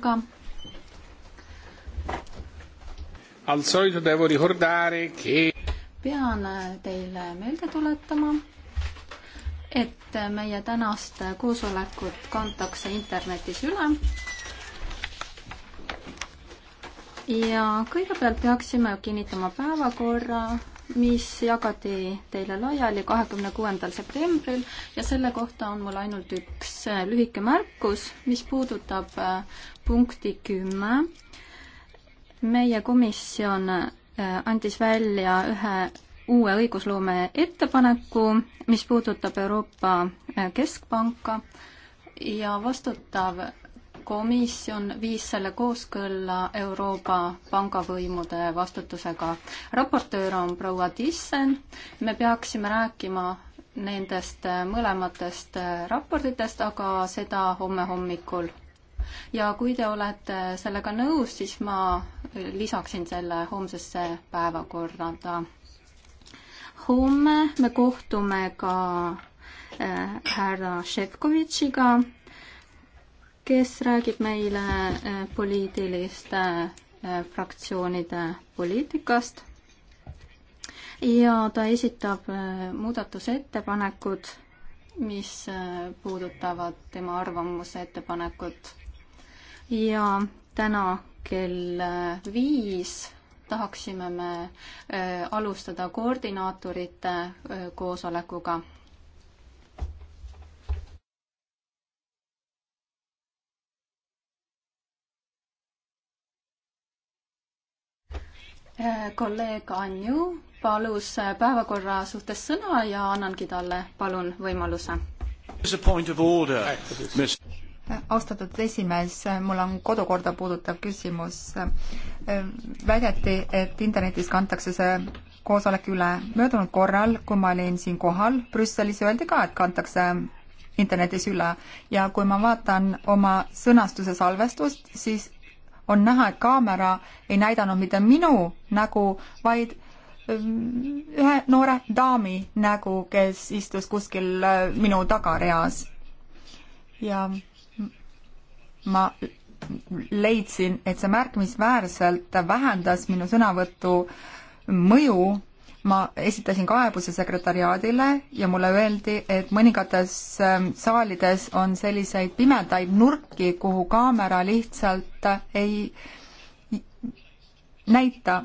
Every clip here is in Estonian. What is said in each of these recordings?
aga al solito devo ricordare che pean teile meelde tuletama, et meie tänast koosolekut kantakse internetis üle. ja kõigepealt peaksime kinnitama päevakorra mis jagati teile laiali kahekümne kuuendal septembril ja selle kohta on mul ainult üks äh, lühike märkus, mis puudutab äh, punkti kümme. meie komisjon äh, andis välja ühe uue õigusloome ettepaneku, mis puudutab Euroopa Keskpanka ja vastutav komisjon viis selle kooskõlla Euroopa pangavõimude vastutusega. raportöör on proua Tissen, me peaksime rääkima nendest mõlematest raportitest, aga seda homme hommikul. ja kui te olete sellega nõus, siis ma lisaksin selle homsesse päevakorda. homme me kohtume ka äh, härra Šefkovitšiga kes räägib meile äh, poliitiliste äh, fraktsioonide poliitikast ja ta esitab äh, muudatusettepanekud, mis puudutavad tema arvamuse ettepanekut. ja täna kell viis tahaksime me alustada koordinaatorite koosolekuga kolleeg Anju palus päevakorra suhtes sõna ja annangi talle palun võimaluse. austatud esimees, mul on kodukorda puudutav küsimus. väideti, et internetis kantakse see koosolek üle. möödunud korral, kui ma olin siin kohal Brüsselis, öeldi ka, et kantakse internetis üle ja kui ma vaatan oma sõnastuse salvestust, siis on näha, et kaamera ei näidanud mitte minu nägu, vaid ähm, ühe noore daami nägu, kes istus kuskil äh, minu tagareas. ja ma leidsin, et see märkimisväärselt vähendas minu sõnavõtu mõju ma esitasin kaebuse sekretariaadile ja mulle öeldi, et mõningates ähm, saalides on selliseid pimedaid nurki, kuhu kaamera lihtsalt ei näita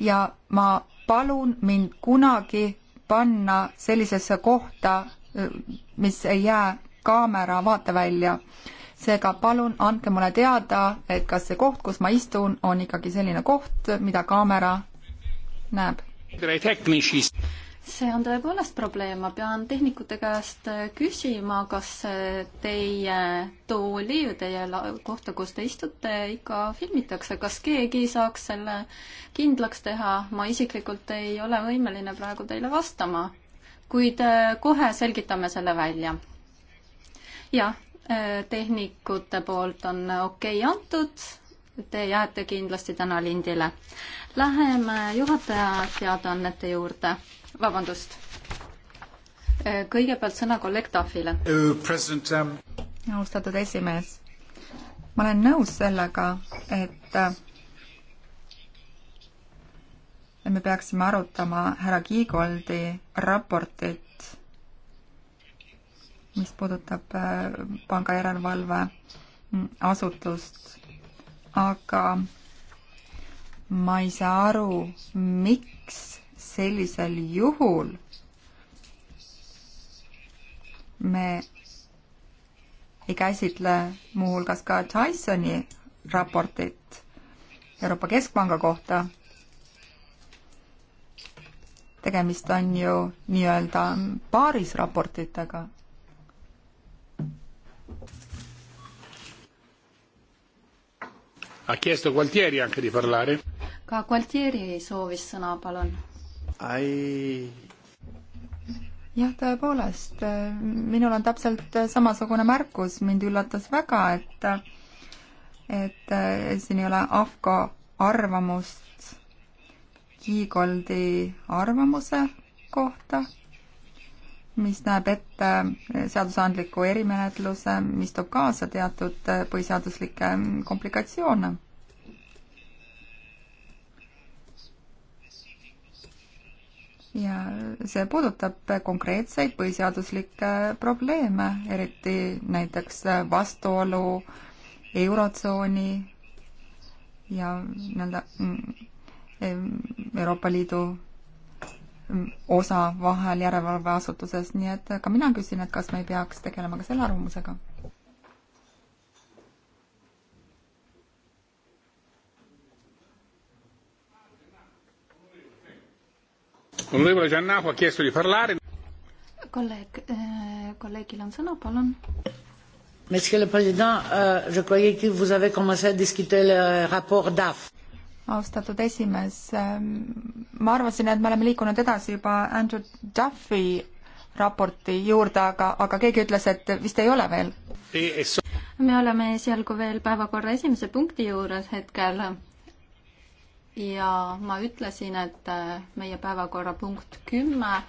ja ma palun mind kunagi panna sellisesse kohta, äh, mis ei jää kaamera vaatevälja. seega palun andke mulle teada, et kas see koht, kus ma istun, on ikkagi selline koht, mida kaamera näeb see on tõepoolest probleem, ma pean tehnikute käest küsima, kas teie tooli või teie kohta, kus te istute, ikka filmitakse, kas keegi saaks selle kindlaks teha, ma isiklikult ei ole võimeline praegu teile vastama, kuid äh, kohe selgitame selle välja. jah, äh, tehnikute poolt on okei okay antud Te jääte kindlasti täna lindile. Läheme juhataja teadaannete juurde. vabandust. kõigepealt sõna kolleeg Tahvile. Uh, um, austatud esimees, ma olen nõus sellega, et me peaksime arutama härra Kiigoldi raportit, mis puudutab äh, pangajärelevalve mm, asutust aga ma ei saa aru, miks sellisel juhul me ei käsitle muuhulgas ka Tysoni raportit Euroopa Keskpanga kohta. tegemist on ju nii-öelda paarisraportitega Ha chiesto Gualtieri anche di parlare. ka Gualtieri soovis sõna, palun. ai. jah, tõepoolest, äh, minul on täpselt äh, samasugune märkus, mind üllatas väga, et et äh, siin ei ole AFCO arvamust Kiigoldi arvamuse kohta mis näeb ette seadusandliku erimenetluse, mis toob kaasa teatud põhiseaduslikke komplikatsioone. ja see puudutab konkreetseid põhiseaduslikke probleeme, eriti näiteks vastuolu Eurotsooni ja nii-öelda mm, Euroopa Liidu osa vahel järelevalveasutuses, nii et ka mina küsin, et kas me ei peaks tegelema ka selle arvamusega? kolleeg, kolleegil on sõna, palun. Monsieur le Président, euh, je croyais que vous avez commencé à discuter le rapport DAF austatud esimees, ähm, ma arvasin, et me oleme liikunud edasi juba Andrew Duffy raporti juurde, aga, aga keegi ütles, et vist ei ole veel. me oleme esialgu veel päevakorra esimese punkti juures hetkel ja ma ütlesin, et äh, meie päevakorrapunkt kümme äh,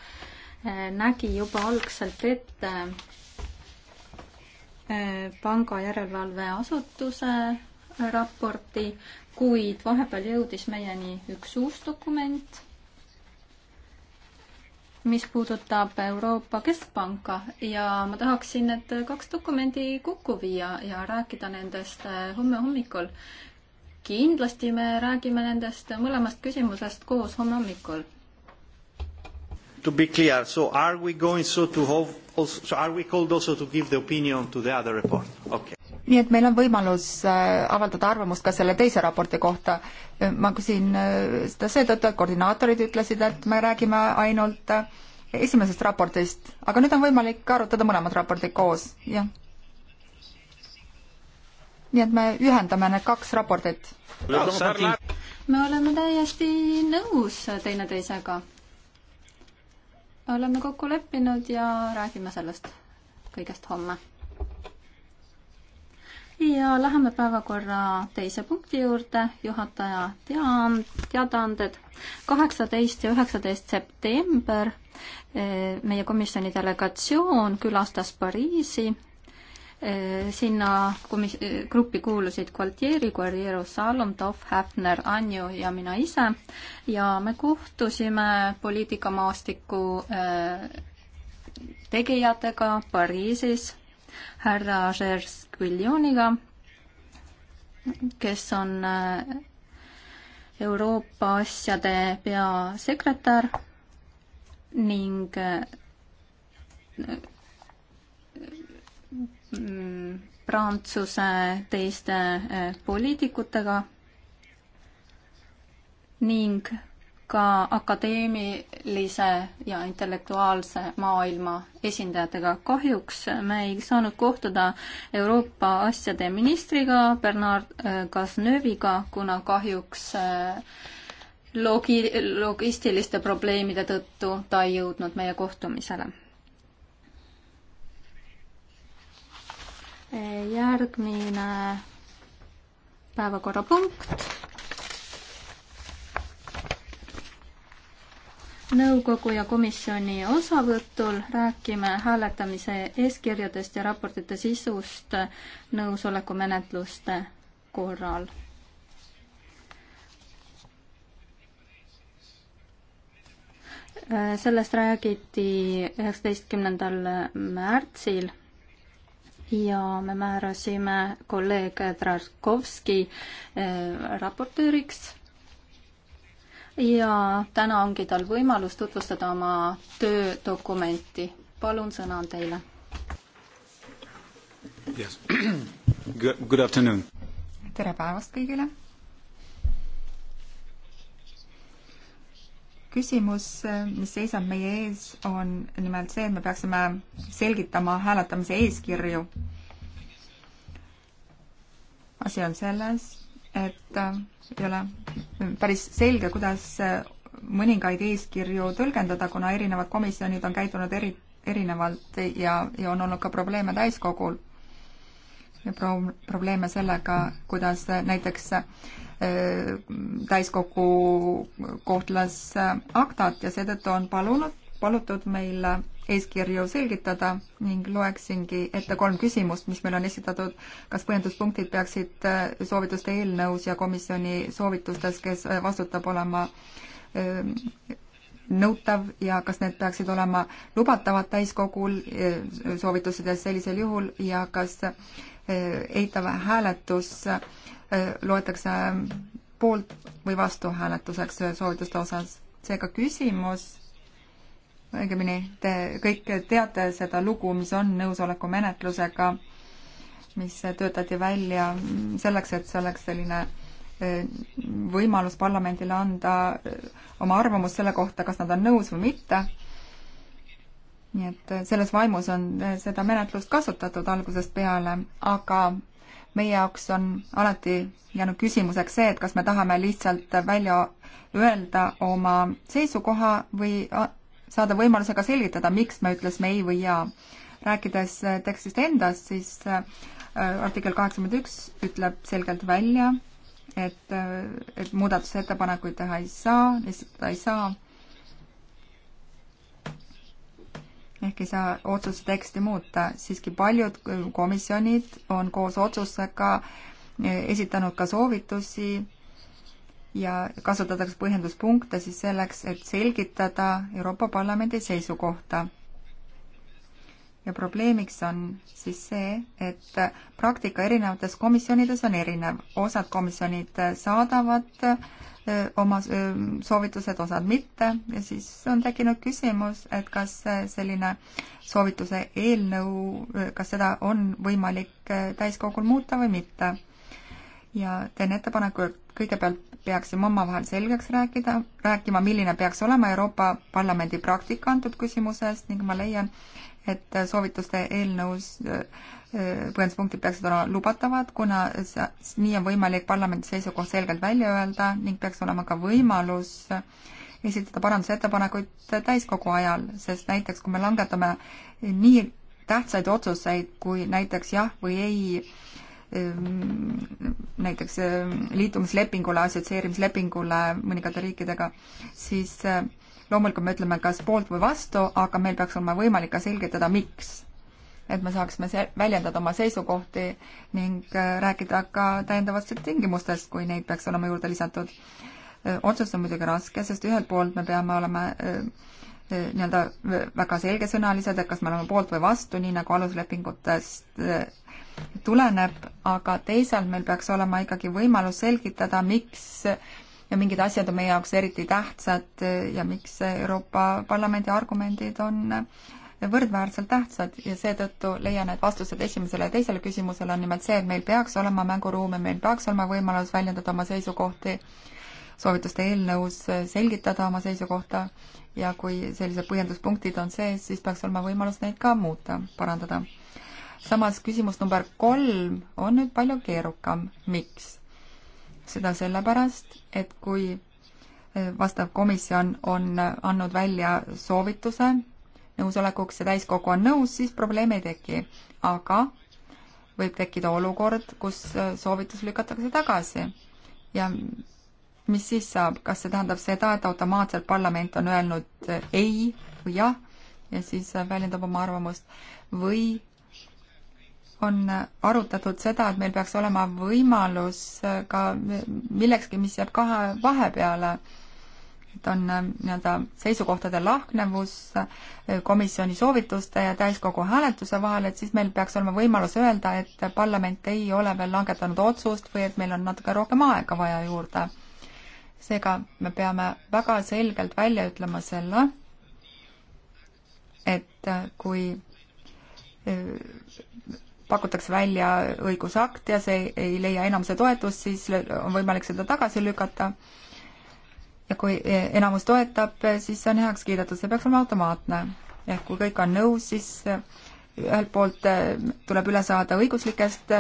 nägi juba algselt ette äh, pangajärelevalveasutuse raporti, kuid vahepeal jõudis meieni üks uus dokument, mis puudutab Euroopa Keskpanka ja ma tahaksin need kaks dokumendi kokku viia ja rääkida nendest homme hommikul. kindlasti me räägime nendest mõlemast küsimusest koos homme hommikul. To be clear, so are we going so to have also, so are we called also to give the opinion to the other report? Okay nii et meil on võimalus äh, avaldada arvamust ka selle teise raporti kohta. Äh, ma küsin äh, seda seetõttu, et koordinaatorid ütlesid, et me räägime ainult esimesest raportist, aga nüüd on võimalik arutada mõlemad raportid koos, jah. nii et me ühendame need kaks raportit. me oleme täiesti nõus teineteisega. oleme kokku leppinud ja räägime sellest kõigest homme ja läheme päevakorra teise punkti juurde, juhataja tean-, teadaanded. kaheksateist ja üheksateist september eh, meie komisjoni delegatsioon külastas Pariisi. Eh, sinna komis-, eh, gruppi kuulusid Gualtieri, Guerriero, Salom, Tov, Häfner, Anju ja mina ise ja me kohtusime poliitikamaastiku tegijatega Pariisis härra Žers Quiljoniga, kes on äh, Euroopa asjade peasekretär ning äh, äh, mm, Prantsuse teiste poliitikutega ning ka akadeemilise ja intellektuaalse maailma esindajatega. kahjuks me ei saanud kohtuda Euroopa asjade ministriga Bernard Kaznööviga, äh, kuna kahjuks äh, logi-, logistiliste probleemide tõttu ta ei jõudnud meie kohtumisele. järgmine päevakorrapunkt nõukogu ja komisjoni osavõtul räägime hääletamise eeskirjadest ja raportite sisust nõusolekumenetluste korral. sellest räägiti üheksateistkümnendal märtsil ja me määrasime kolleeg Trarkovski eh, raportööriks ja täna ongi tal võimalus tutvustada oma töödokumenti. palun, sõna on teile. Yes. Good afternoon. tere päevast kõigile. küsimus, mis seisab meie ees, on nimelt see, et me peaksime selgitama hääletamise eeskirju. asi on selles, et äh, ei ole päris selge, kuidas äh, mõningaid eeskirju tõlgendada, kuna erinevad komisjonid on käitunud eri, erinevalt ja, ja on olnud ka probleeme täiskogul. ja pro-, probleeme sellega, kuidas äh, näiteks täiskogu kohtles aktat ja seetõttu on palunud palutud meil eeskirju selgitada ning loeksingi ette kolm küsimust, mis meil on esitatud. kas põhjenduspunktid peaksid äh, soovituste eelnõus ja komisjoni soovitustes, kes äh, vastutab olema ähm, nõutav ja kas need peaksid olema lubatavad täiskogul äh, soovitusides sellisel juhul ja kas eitav hääletus loetakse poolt või vastu hääletuseks soovituste osas. seega küsimus õigemini te kõik teate seda lugu, mis on nõusoleku menetlusega, mis töötati välja selleks, et see oleks selline e, võimalus parlamendile anda e, oma arvamust selle kohta, kas nad on nõus või mitte. nii et selles vaimus on e, seda menetlust kasutatud algusest peale, aga meie jaoks on alati jäänud küsimuseks see, et kas me tahame lihtsalt välja öelda oma seisukoha või saada võimaluse ka selgitada, miks me ütlesime ei või jaa. rääkides äh, tekstist endast, siis äh, artikkel kaheksakümmend üks ütleb selgelt välja, et, äh, et muudatusettepanekuid teha ei saa, esitada ei saa. ehk ei saa otsuse teksti muuta, siiski paljud komisjonid on koos otsusega esitanud ka soovitusi ja kasutatakse põhjenduspunkte siis selleks, et selgitada Euroopa Parlamendi seisukohta. ja probleemiks on siis see, et praktika erinevates komisjonides on erinev, osad komisjonid saadavad oma soovitused, osad mitte ja siis on tekkinud küsimus, et kas selline soovituse eelnõu, kas seda on võimalik täiskogul muuta või mitte ja teen ettepaneku, et kõigepealt peaksime omavahel selgeks rääkida, rääkima, milline peaks olema Euroopa Parlamendi praktika antud küsimuses ning ma leian, et soovituste eelnõus äh, äh, põhjenduspunktid peaksid olema lubatavad, kuna nii on võimalik parlamendi seisukoht selgelt välja öelda ning peaks olema ka võimalus esitada parandusettepanekuid täiskogu ajal, sest näiteks kui me langetame nii tähtsaid otsuseid, kui näiteks jah või ei Ehm, näiteks ehm, liitumislepingule, assotsieerimislepingule mõningate riikidega, siis ehm, loomulikult me ütleme kas poolt või vastu, aga meil peaks olema võimalik ka selgitada, miks. et me saaksime väljendada oma seisukohti ning rääkida ka täiendavatest tingimustest, kui neid peaks olema juurde lisatud. otsus on muidugi raske, sest ühelt poolt me peame olema nii-öelda väga selgesõnalised, et kas me oleme poolt või vastu, nii nagu aluslepingutest tuleneb, aga teisalt meil peaks olema ikkagi võimalus selgitada, miks ja mingid asjad on meie jaoks eriti tähtsad ja miks Euroopa Parlamendi argumendid on võrdväärselt tähtsad ja seetõttu leian, et vastused esimesele ja teisele küsimusele on nimelt see, et meil peaks olema mänguruumi, meil peaks olema võimalus väljendada oma seisukohti, soovituste eelnõus selgitada oma seisukohta ja kui sellised põhjenduspunktid on sees, siis peaks olema võimalus neid ka muuta, parandada samas küsimus number kolm on nüüd palju keerukam. miks? seda sellepärast, et kui eh, vastav komisjon on eh, andnud välja soovituse nõusolekuks ja täiskogu on nõus, siis probleemi ei teki. aga võib tekkida olukord, kus eh, soovitus lükatakse tagasi. ja mis siis saab, kas see tähendab seda, et automaatselt parlament on öelnud ei või jah ja siis väljendab oma arvamust või on arutatud seda, et meil peaks olema võimalus äh, ka millekski, mis jääb kahe vahepeale. et on äh, nii-öelda seisukohtade lahknevus äh, komisjoni soovituste ja täiskogu hääletuse vahel, et siis meil peaks olema võimalus öelda, et parlament ei ole veel langetanud otsust või et meil on natuke rohkem aega vaja juurde. seega me peame väga selgelt välja ütlema selle, et kui pakutakse välja õigusakt ja see ei leia enamuse toetust, siis on võimalik seda tagasi lükata. ja kui e-, enamus toetab, siis see on heaks kiidetud, see peaks olema automaatne. ehk kui kõik on nõus, siis e, ühelt poolt e, tuleb üle saada õiguslikest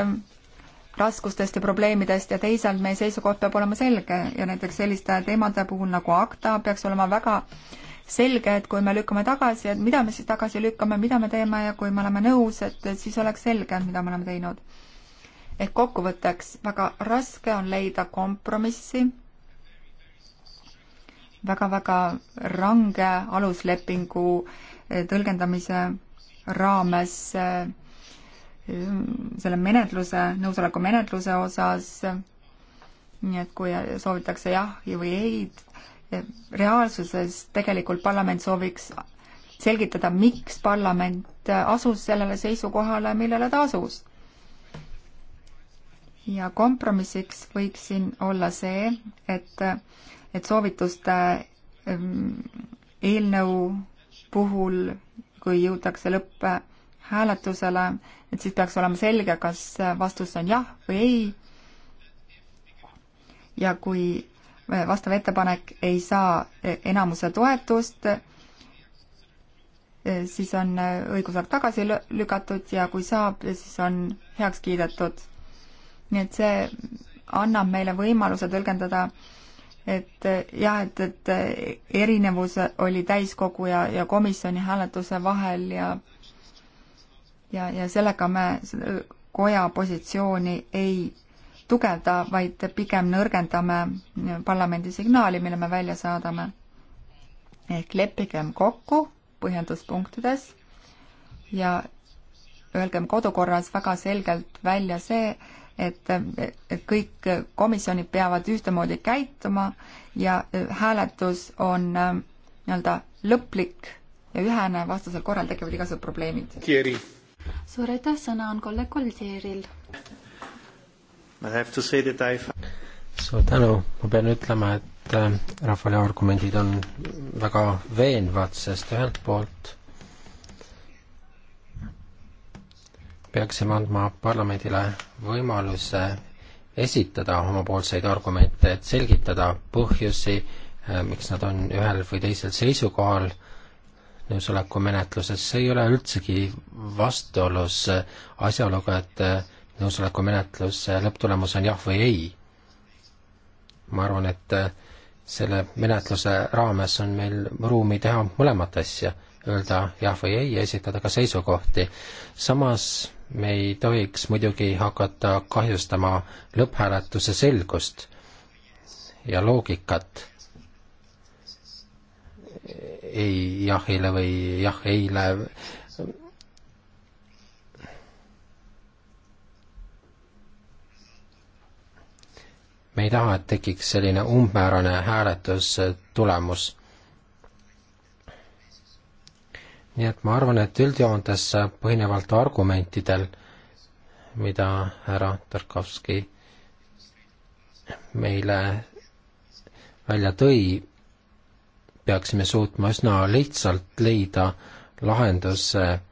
raskustest ja probleemidest ja teisalt meie seisukoht peab olema selge ja näiteks selliste teemade puhul nagu ACTA peaks olema väga äh, selge, et kui me lükkame tagasi, et mida me siis tagasi lükkame, mida me teeme ja kui me oleme nõus, et siis oleks selge, mida me oleme teinud. ehk kokkuvõtteks, väga raske on leida kompromissi väga-väga range aluslepingu eh, tõlgendamise raames eh, selle menetluse, nõusoleku menetluse osas nii et kui soovitakse jah või ei reaalsuses tegelikult parlament sooviks selgitada, miks parlament asus sellele seisukohale, millele ta asus. ja kompromissiks võiks siin olla see, et, et soovituste ehm, eelnõu puhul, kui jõutakse lõpphääletusele, et siis peaks olema selge, kas vastus on jah või ei. ja kui Äh, vastav ettepanek ei saa äh, enamuse toetust, äh, siis on õigusakt tagasi lükatud ja kui saab, siis on heaks kiidetud. nii et see annab meile võimaluse tõlgendada, et jah, et, et erinevus oli täiskogu ja, ja komisjoni hääletuse vahel ja ja, ja sellega me koja positsiooni ei tugevda, vaid pigem nõrgendame parlamendi signaali, mille me välja saadame. ehk leppigem kokku põhjenduspunktides ja öelgem kodukorras väga selgelt välja see, et, et kõik komisjonid peavad ühtemoodi käituma ja e, hääletus on e, nii-öelda lõplik ja ühene, vastasel korral tekivad igasugused probleemid. suur aitäh, sõna on kolleeg Koltieril suur tänu, ma pean ütlema, et äh, rahvale argumendid on väga veenvad, sest ühelt poolt peaksime andma parlamendile võimaluse esitada omapoolseid argumente, et selgitada põhjusi, äh, miks nad on ühel või teisel seisukohal nõusoleku menetluses, see ei ole üldsegi vastuolus äh, asjaoluga, et nõusoleku menetlus äh, lõpptulemus on jah või ei. ma arvan, et äh, selle menetluse raames on meil ruumi teha mõlemat asja, öelda jah või ei ja esitada ka seisukohti. samas me ei tohiks muidugi hakata kahjustama lõpphääletuse selgust ja loogikat. ei jah-ile või jah-eile me ei taha, et tekiks selline umbmäärane hääletustulemus. Äh, nii et ma arvan, et üldjoontes äh, põhinevalt argumentidel, mida härra Tarkovski meile välja tõi, peaksime suutma üsna lihtsalt leida lahenduse äh,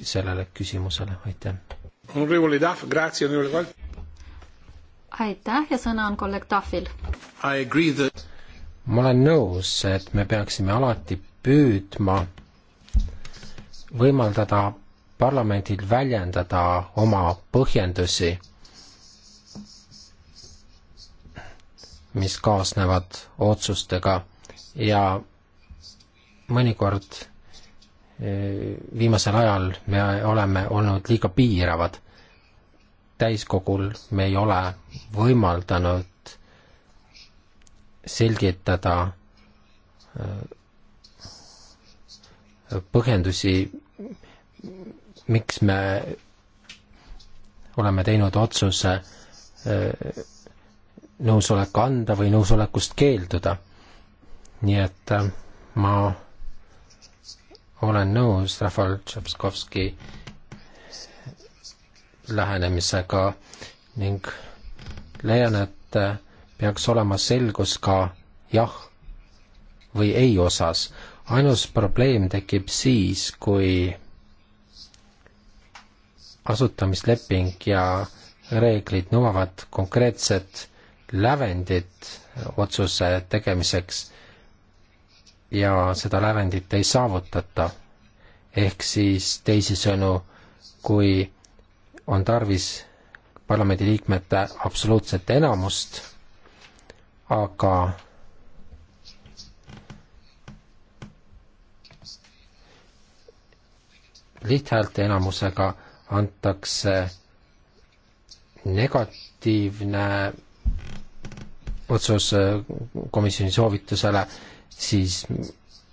sellele küsimusele, aitäh aitäh ja sõna on kolleeg Tahvil. That... ma olen nõus, et me peaksime alati püüdma võimaldada parlamendil väljendada oma põhjendusi, mis kaasnevad otsustega ja mõnikord eh, viimasel ajal me oleme olnud liiga piiravad täiskogul me ei ole võimaldanud selgitada äh, põhjendusi, miks me oleme teinud otsuse äh, nõusolek anda või nõusolekust keelduda. nii et äh, ma olen nõus Rafal Tšepskovski lähenemisega ning leian, et peaks olema selgus ka jah või ei osas. ainus probleem tekib siis, kui asutamisleping ja reeglid nõuavad konkreetset lävendit otsuse tegemiseks ja seda lävendit ei saavutata. ehk siis teisisõnu, kui on tarvis parlamendiliikmete absoluutset enamust, aga lihthäälte enamusega antakse negatiivne otsus äh, komisjoni soovitusele, siis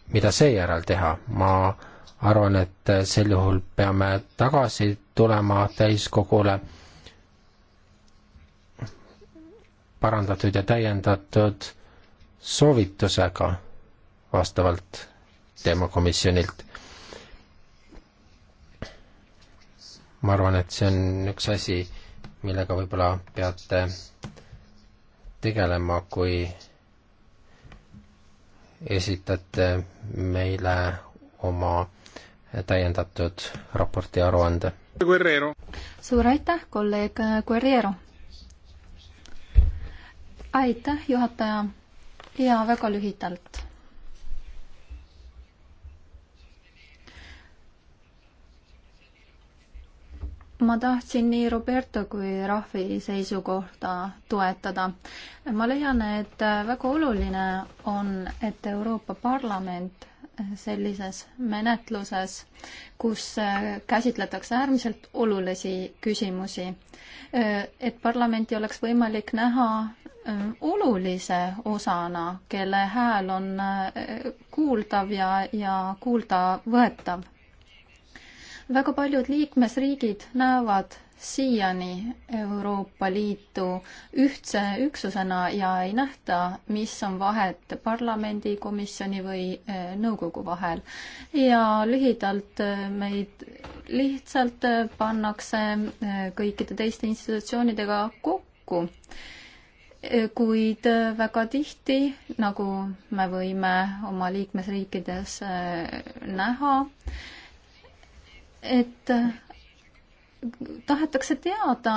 mida seejärel teha, ma arvan, et äh, sel juhul peame tagasi tulema täiskogule parandatud ja täiendatud soovitusega vastavalt teemakomisjonilt. ma arvan, et see on üks asi, millega võib-olla peate tegelema, kui esitate meile oma täiendatud raporti aruande suur aitäh, kolleeg Guerrero! aitäh, juhataja! ja väga lühidalt. ma tahtsin nii Roberto kui Rahvi seisukohta toetada. ma leian, et väga oluline on, et Euroopa Parlament sellises menetluses, kus äh, käsitletakse äärmiselt olulisi küsimusi. Äh, et parlamenti oleks võimalik näha äh, olulise osana, kelle hääl on kuuldav ja, ja kuulda võetav. väga paljud liikmesriigid näevad siiani Euroopa Liitu ühtse üksusena ja ei nähta, mis on vahet parlamendi, komisjoni või äh, nõukogu vahel. ja lühidalt äh, meid lihtsalt äh, pannakse kõikide teiste institutsioonidega kokku kuid väga tihti, nagu me võime oma liikmesriikides näha, et tahetakse teada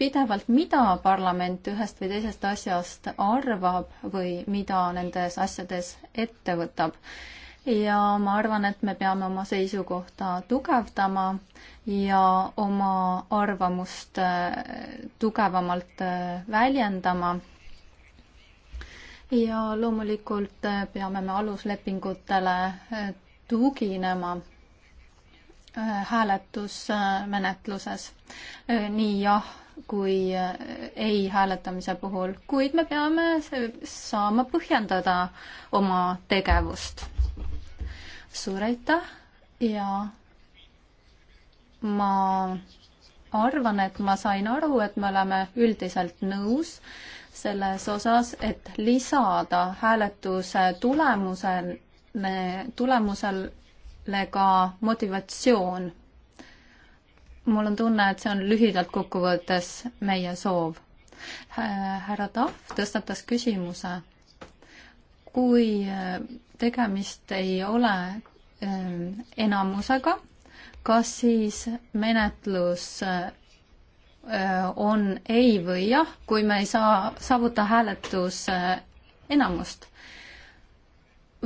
pidevalt, mida parlament ühest või teisest asjast arvab või mida nendes asjades ette võtab. ja ma arvan, et me peame oma seisukohta tugevdama ja oma arvamust äh, tugevamalt äh, väljendama ja loomulikult äh, peame me aluslepingutele tuginema Äh, hääletusmenetluses, äh, nii jah kui äh, ei hääletamise puhul, kuid me peame saama põhjendada oma tegevust. suur aitäh ja ma arvan, et ma sain aru, et me oleme üldiselt nõus selles osas, et lisada hääletuse tulemusel, tulemusel ka motivatsioon. mul on tunne, et see on lühidalt kokkuvõttes meie soov. härra Tahv tõstatas küsimuse, kui äh, tegemist ei ole äh, enamusega, kas siis menetlus äh, on ei või jah, kui me ei saa saavuta hääletus enamust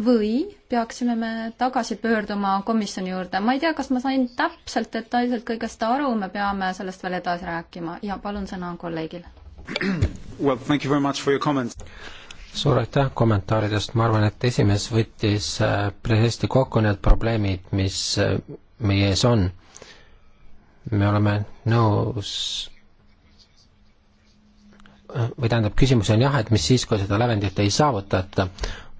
või peaksime me tagasi pöörduma komisjoni juurde, ma ei tea, kas ma sain täpselt detailselt kõigest aru, me peame sellest veel edasi rääkima ja palun sõna kolleegile. Well, thank you very much for your comments. suur aitäh kommentaaridest, ma arvan, et esimees võttis äh, päris hästi kokku need probleemid, mis äh, meie ees on. me oleme nõus äh, või tähendab, küsimus on jah, et mis siis, kui seda lävendit ei saavutata,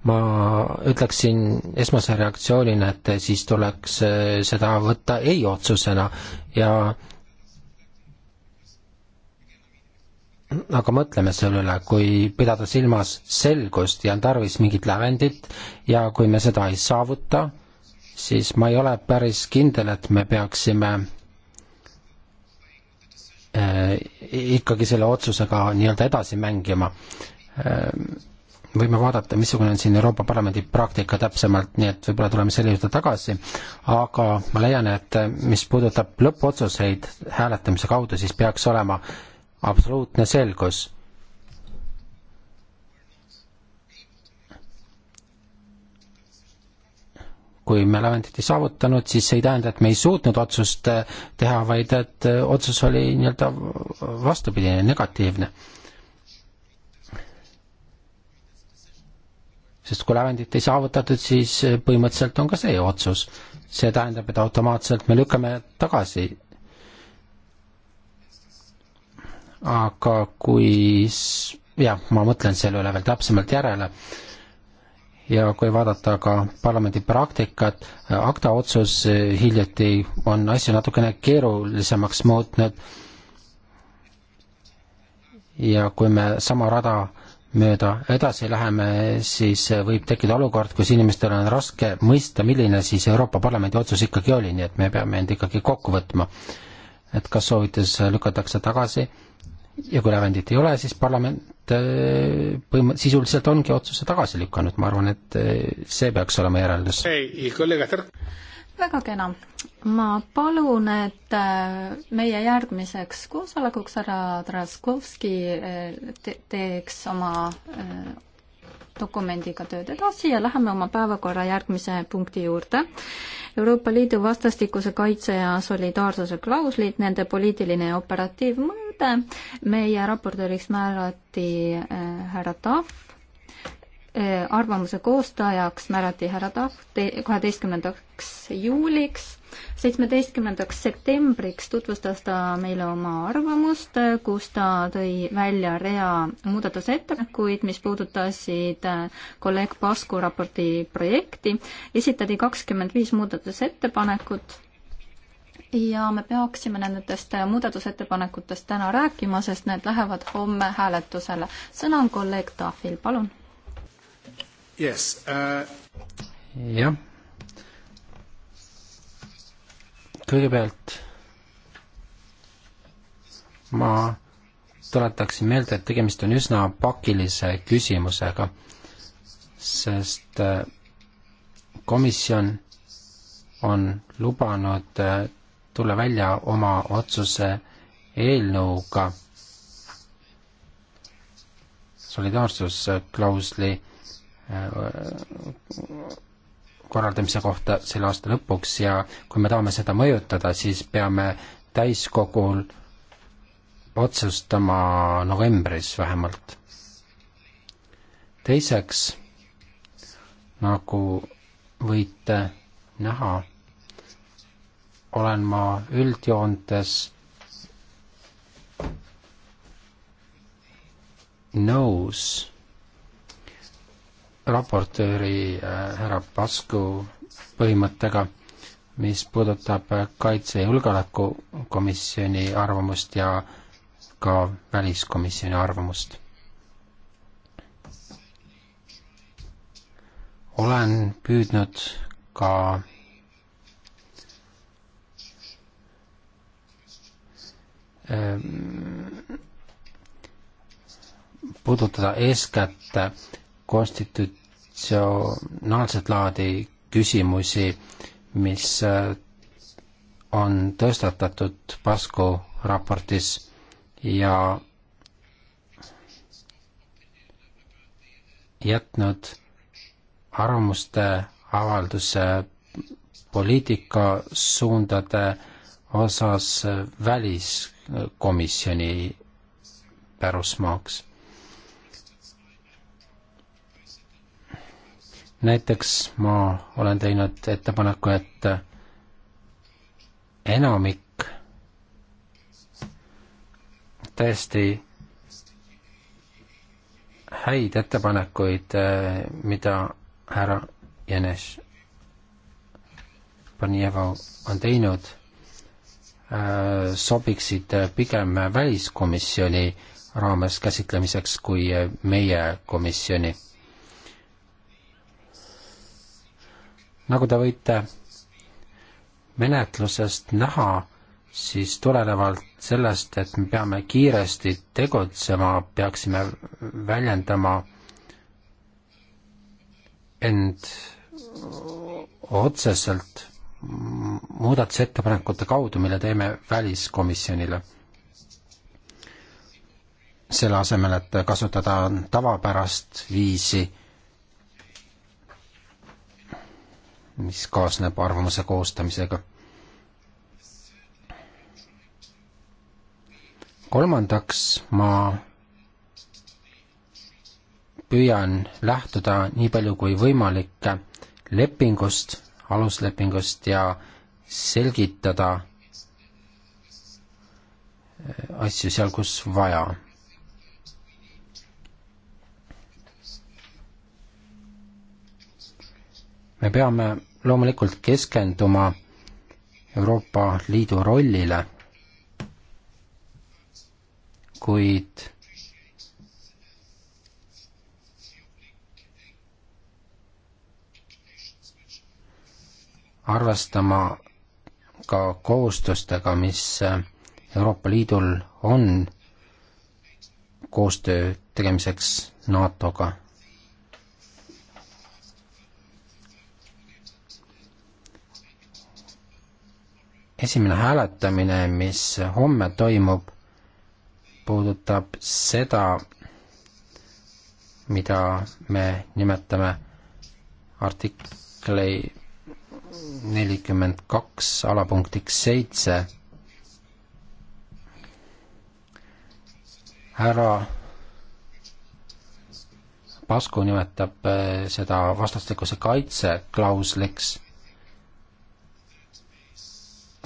ma ütleksin esmase reaktsioonina, et siis tuleks eh, seda võtta ei-otsusena ja aga mõtleme selle üle, kui pidada silmas selgust ja on tarvis mingit lävendit ja kui me seda ei saavuta, siis ma ei ole päris kindel, et me peaksime eh, ikkagi selle otsusega nii-öelda edasi mängima eh, võime vaadata, missugune on siin Euroopa Parlamendi praktika täpsemalt, nii et võib-olla tuleme selle juurde tagasi, aga ma leian, et mis puudutab lõppotsuseid hääletamise kaudu, siis peaks olema absoluutne selgus. kui me lävendit ei saavutanud, siis see ei tähenda, et me ei suutnud otsust teha, vaid et otsus oli nii-öelda vastupidine, negatiivne sest kui lävendit ei saavutatud, siis põhimõtteliselt on ka see otsus. see tähendab, et automaatselt me lükkame tagasi. aga kui, jah, ma mõtlen selle üle veel täpsemalt järele, ja kui vaadata ka parlamendi praktikat, akta otsus hiljuti on asju natukene keerulisemaks muutnud ja kui me sama rada mööda edasi läheme, siis võib tekkida olukord, kus inimestel on raske mõista, milline siis Euroopa Parlamendi otsus ikkagi oli, nii et me peame end ikkagi kokku võtma. et kas soovitus lükatakse tagasi ja kui lävendit ei ole, siis parlament äh, põhim-, sisuliselt ongi otsuse tagasi lükanud, ma arvan, et äh, see peaks olema järeldus väga kena. ma palun, et äh, meie järgmiseks koosolekuks härra Traskovski äh, te teeks oma äh, dokumendiga tööd edasi ja läheme oma päevakorra järgmise punkti juurde. Euroopa Liidu vastastikuse kaitse ja solidaarsuse klauslid, nende poliitiline ja operatiivmõõde. meie raportööriks määrati härra Tahv Äh, arvamuse koostajaks määrati härra Tahv kaheteistkümnendaks juuliks. seitsmeteistkümnendaks septembriks tutvustas ta meile oma arvamust, kus ta tõi välja rea muudatusettepanekuid, mis puudutasid äh, kolleeg Pasku raporti projekti. esitati kakskümmend viis muudatusettepanekut ja me peaksime nendest muudatusettepanekutest täna rääkima, sest need lähevad homme hääletusele. sõna on kolleeg Tahvil, palun Yes, uh... jah. kõigepealt ma tuletaksin meelde, et tegemist on üsna pakilise küsimusega, sest äh, komisjon on lubanud äh, tulla välja oma otsuse eelnõuga solidaarsusklausli Äh, korraldamise kohta selle aasta lõpuks ja kui me tahame seda mõjutada, siis peame täiskogul otsustama novembris vähemalt. teiseks, nagu võite näha, olen ma üldjoontes nõus raportööri äh, härra Pasku põhimõttega, mis puudutab Kaitse- ja Julgeolekukomisjoni arvamust ja ka Väliskomisjoni arvamust. olen püüdnud ka ähm, puudutada eeskätt konstitutsionaalset laadi küsimusi, mis äh, on tõstatatud Pasco raportis ja jätnud arvamuste avalduse poliitikasuundade osas väliskomisjoni pärusmaaks näiteks ma olen teinud ettepaneku, et enamik täiesti häid ettepanekuid, mida härra Janes Panjevo on teinud, sobiksid pigem väliskomisjoni raames käsitlemiseks kui meie komisjoni nagu te võite menetlusest näha, siis tulenevalt sellest, et me peame kiiresti tegutsema, peaksime väljendama end otseselt muudatusettepanekute kaudu, mille teeme väliskomisjonile. selle asemel, et kasutada tavapärast viisi mis kaasneb arvamuse koostamisega. kolmandaks ma püüan lähtuda nii palju kui võimalik lepingust, aluslepingust ja selgitada äh, asju seal, kus vaja me peame loomulikult keskenduma Euroopa Liidu rollile, kuid arvestama ka kohustustega, mis Euroopa Liidul on koostöö tegemiseks NATO-ga esimene hääletamine, mis homme toimub, puudutab seda, mida me nimetame artikli nelikümmend kaks alapunktiks seitse. härra Pasku nimetab eh, seda vastastikuse kaitse klausliks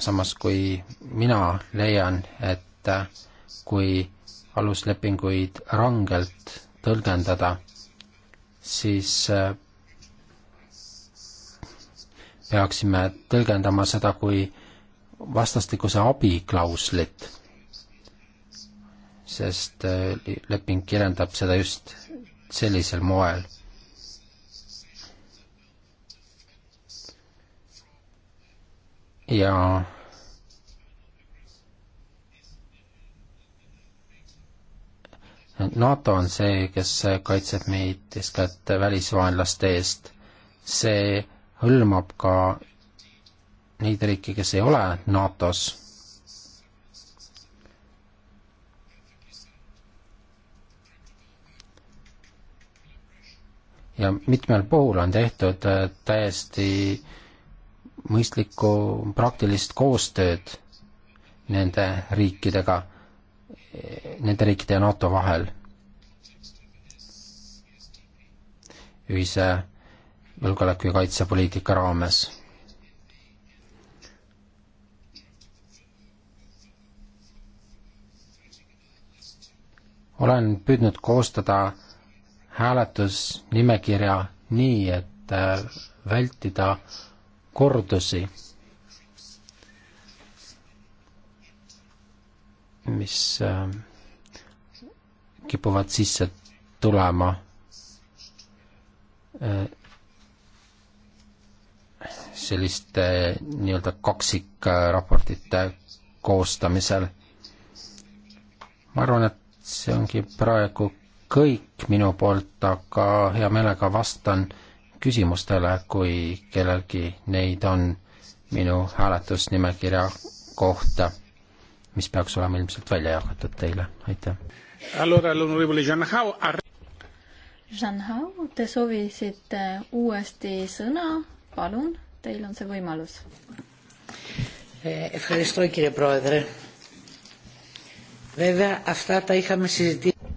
samas kui mina leian, et äh, kui aluslepinguid rangelt tõlgendada, siis äh, peaksime tõlgendama seda kui vastastikuse abi klauslit, sest äh, leping kirjeldab seda just sellisel moel ja NATO on see, kes kaitseb meid eeskätt välisvaenlaste eest. see hõlmab ka neid riike, kes ei ole NATO-s. ja mitmel puhul on tehtud äh, täiesti äh, mõistlikku praktilist koostööd nende riikidega, nende riikide ja NATO vahel. ühise julgeoleku- ja kaitsepoliitika raames olen püüdnud koostada hääletusnimekirja nii, et äh, vältida kordusi, mis äh, kipuvad sisse tulema. Äh, selliste äh, nii-öelda kaksikraportite koostamisel. ma arvan, et see ongi praegu kõik minu poolt, aga hea meelega vastan küsimustele, kui kellelgi neid on minu hääletusnimekirja kohta, mis peaks olema ilmselt välja jagatud teile, aitäh. Jean-Hau, te soovisite uuesti sõna, palun, teil on see võimalus. Eh,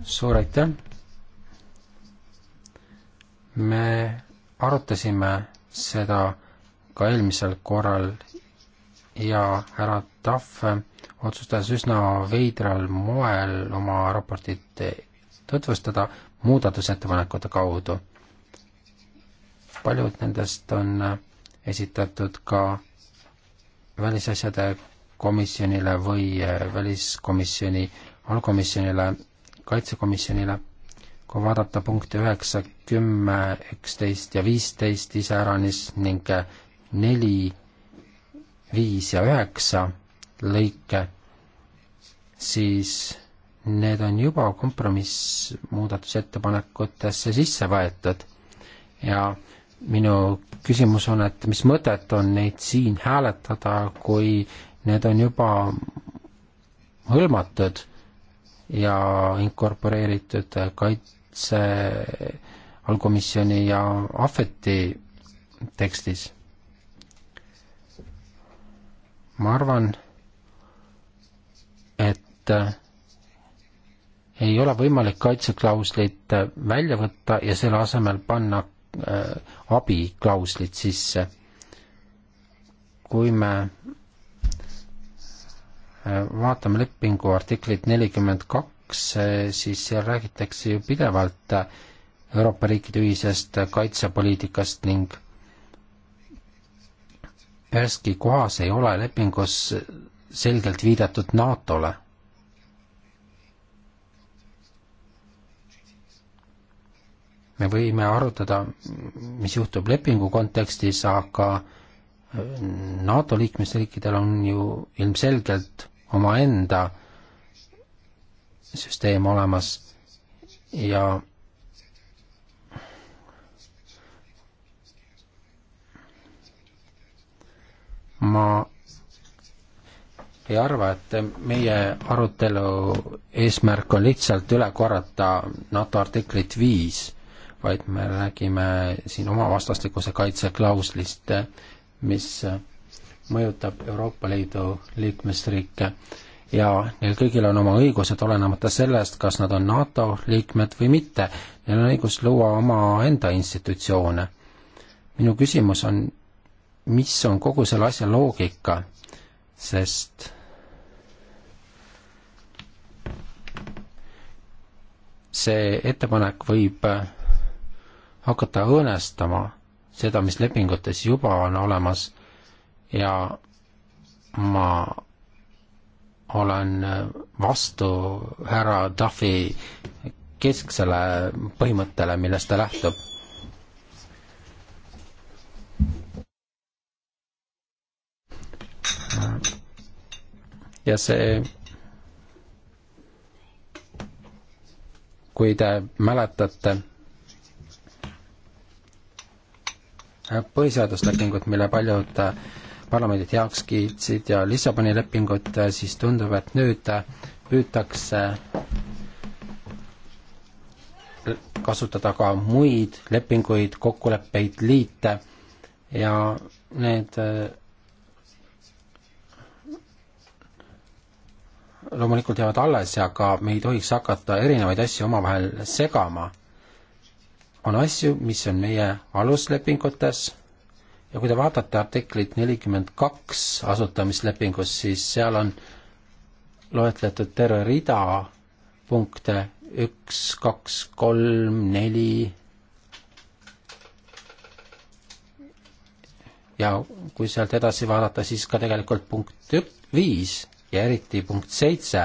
suur aitäh. me arutasime seda ka eelmisel korral ja härra Tahv otsustas üsna veidral moel oma raportit tutvustada muudatusettepanekute kaudu. paljud nendest on esitatud ka välisasjade komisjonile või väliskomisjoni allkomisjonile, kaitsekomisjonile kui vaadata punkte üheksa, kümme, üksteist ja viisteist iseäranis ning neli, viis ja üheksa lõike, siis need on juba kompromissmuudatusettepanekutesse sisse võetud ja minu küsimus on, et mis mõtet on neid siin hääletada, kui need on juba hõlmatud ja inkorporeeritud kait-, see allkomisjoni ja ahveti tekstis. ma arvan, et äh, ei ole võimalik kaitseklauslit äh, välja võtta ja selle asemel panna äh, abiklauslit sisse. kui me vaatame lepingu artiklit nelikümmend kaks, kaks, eh, siis seal räägitakse ju pidevalt Euroopa riikide ühisest kaitsepoliitikast ning üheski kohas ei ole lepingus selgelt viidatud NATO-le me võime arutada, mis juhtub lepingu kontekstis, aga NATO liikmesriikidel on ju ilmselgelt omaenda süsteem olemas ja ma ei arva, et meie arutelu eesmärk on lihtsalt üle korrata NATO artiklit viis, vaid me räägime siin oma vastastikuse kaitse klauslist, mis mõjutab Euroopa Liidu liikmesriike äh, ja neil kõigil on oma õigused, olenemata sellest, kas nad on NATO liikmed või mitte. Neil on õigus luua omaenda institutsioone. minu küsimus on, mis on kogu selle asja loogika, sest see ettepanek võib hakata õõnestama seda, mis lepingutes juba on olemas ja ma olen vastu härra Duffy kesksele põhimõttele, millest ta lähtub. ja see, kui te mäletate põhiseaduslepingut, mille paljud parlamendid heaks kiitsid ja Lissaboni lepingut, äh, siis tundub, et nüüd äh, püütakse äh, kasutada ka muid lepinguid, kokkuleppeid, liite ja need loomulikult jäävad alles, aga me ei tohiks hakata erinevaid asju omavahel segama. on asju, mis on meie aluslepingutes ja kui te vaatate artiklit nelikümmend kaks asutamislepingus, siis seal on loetletud terve rida punkte üks, kaks, kolm, neli. ja kui sealt edasi vaadata, siis ka tegelikult punkt viis ja eriti punkt seitse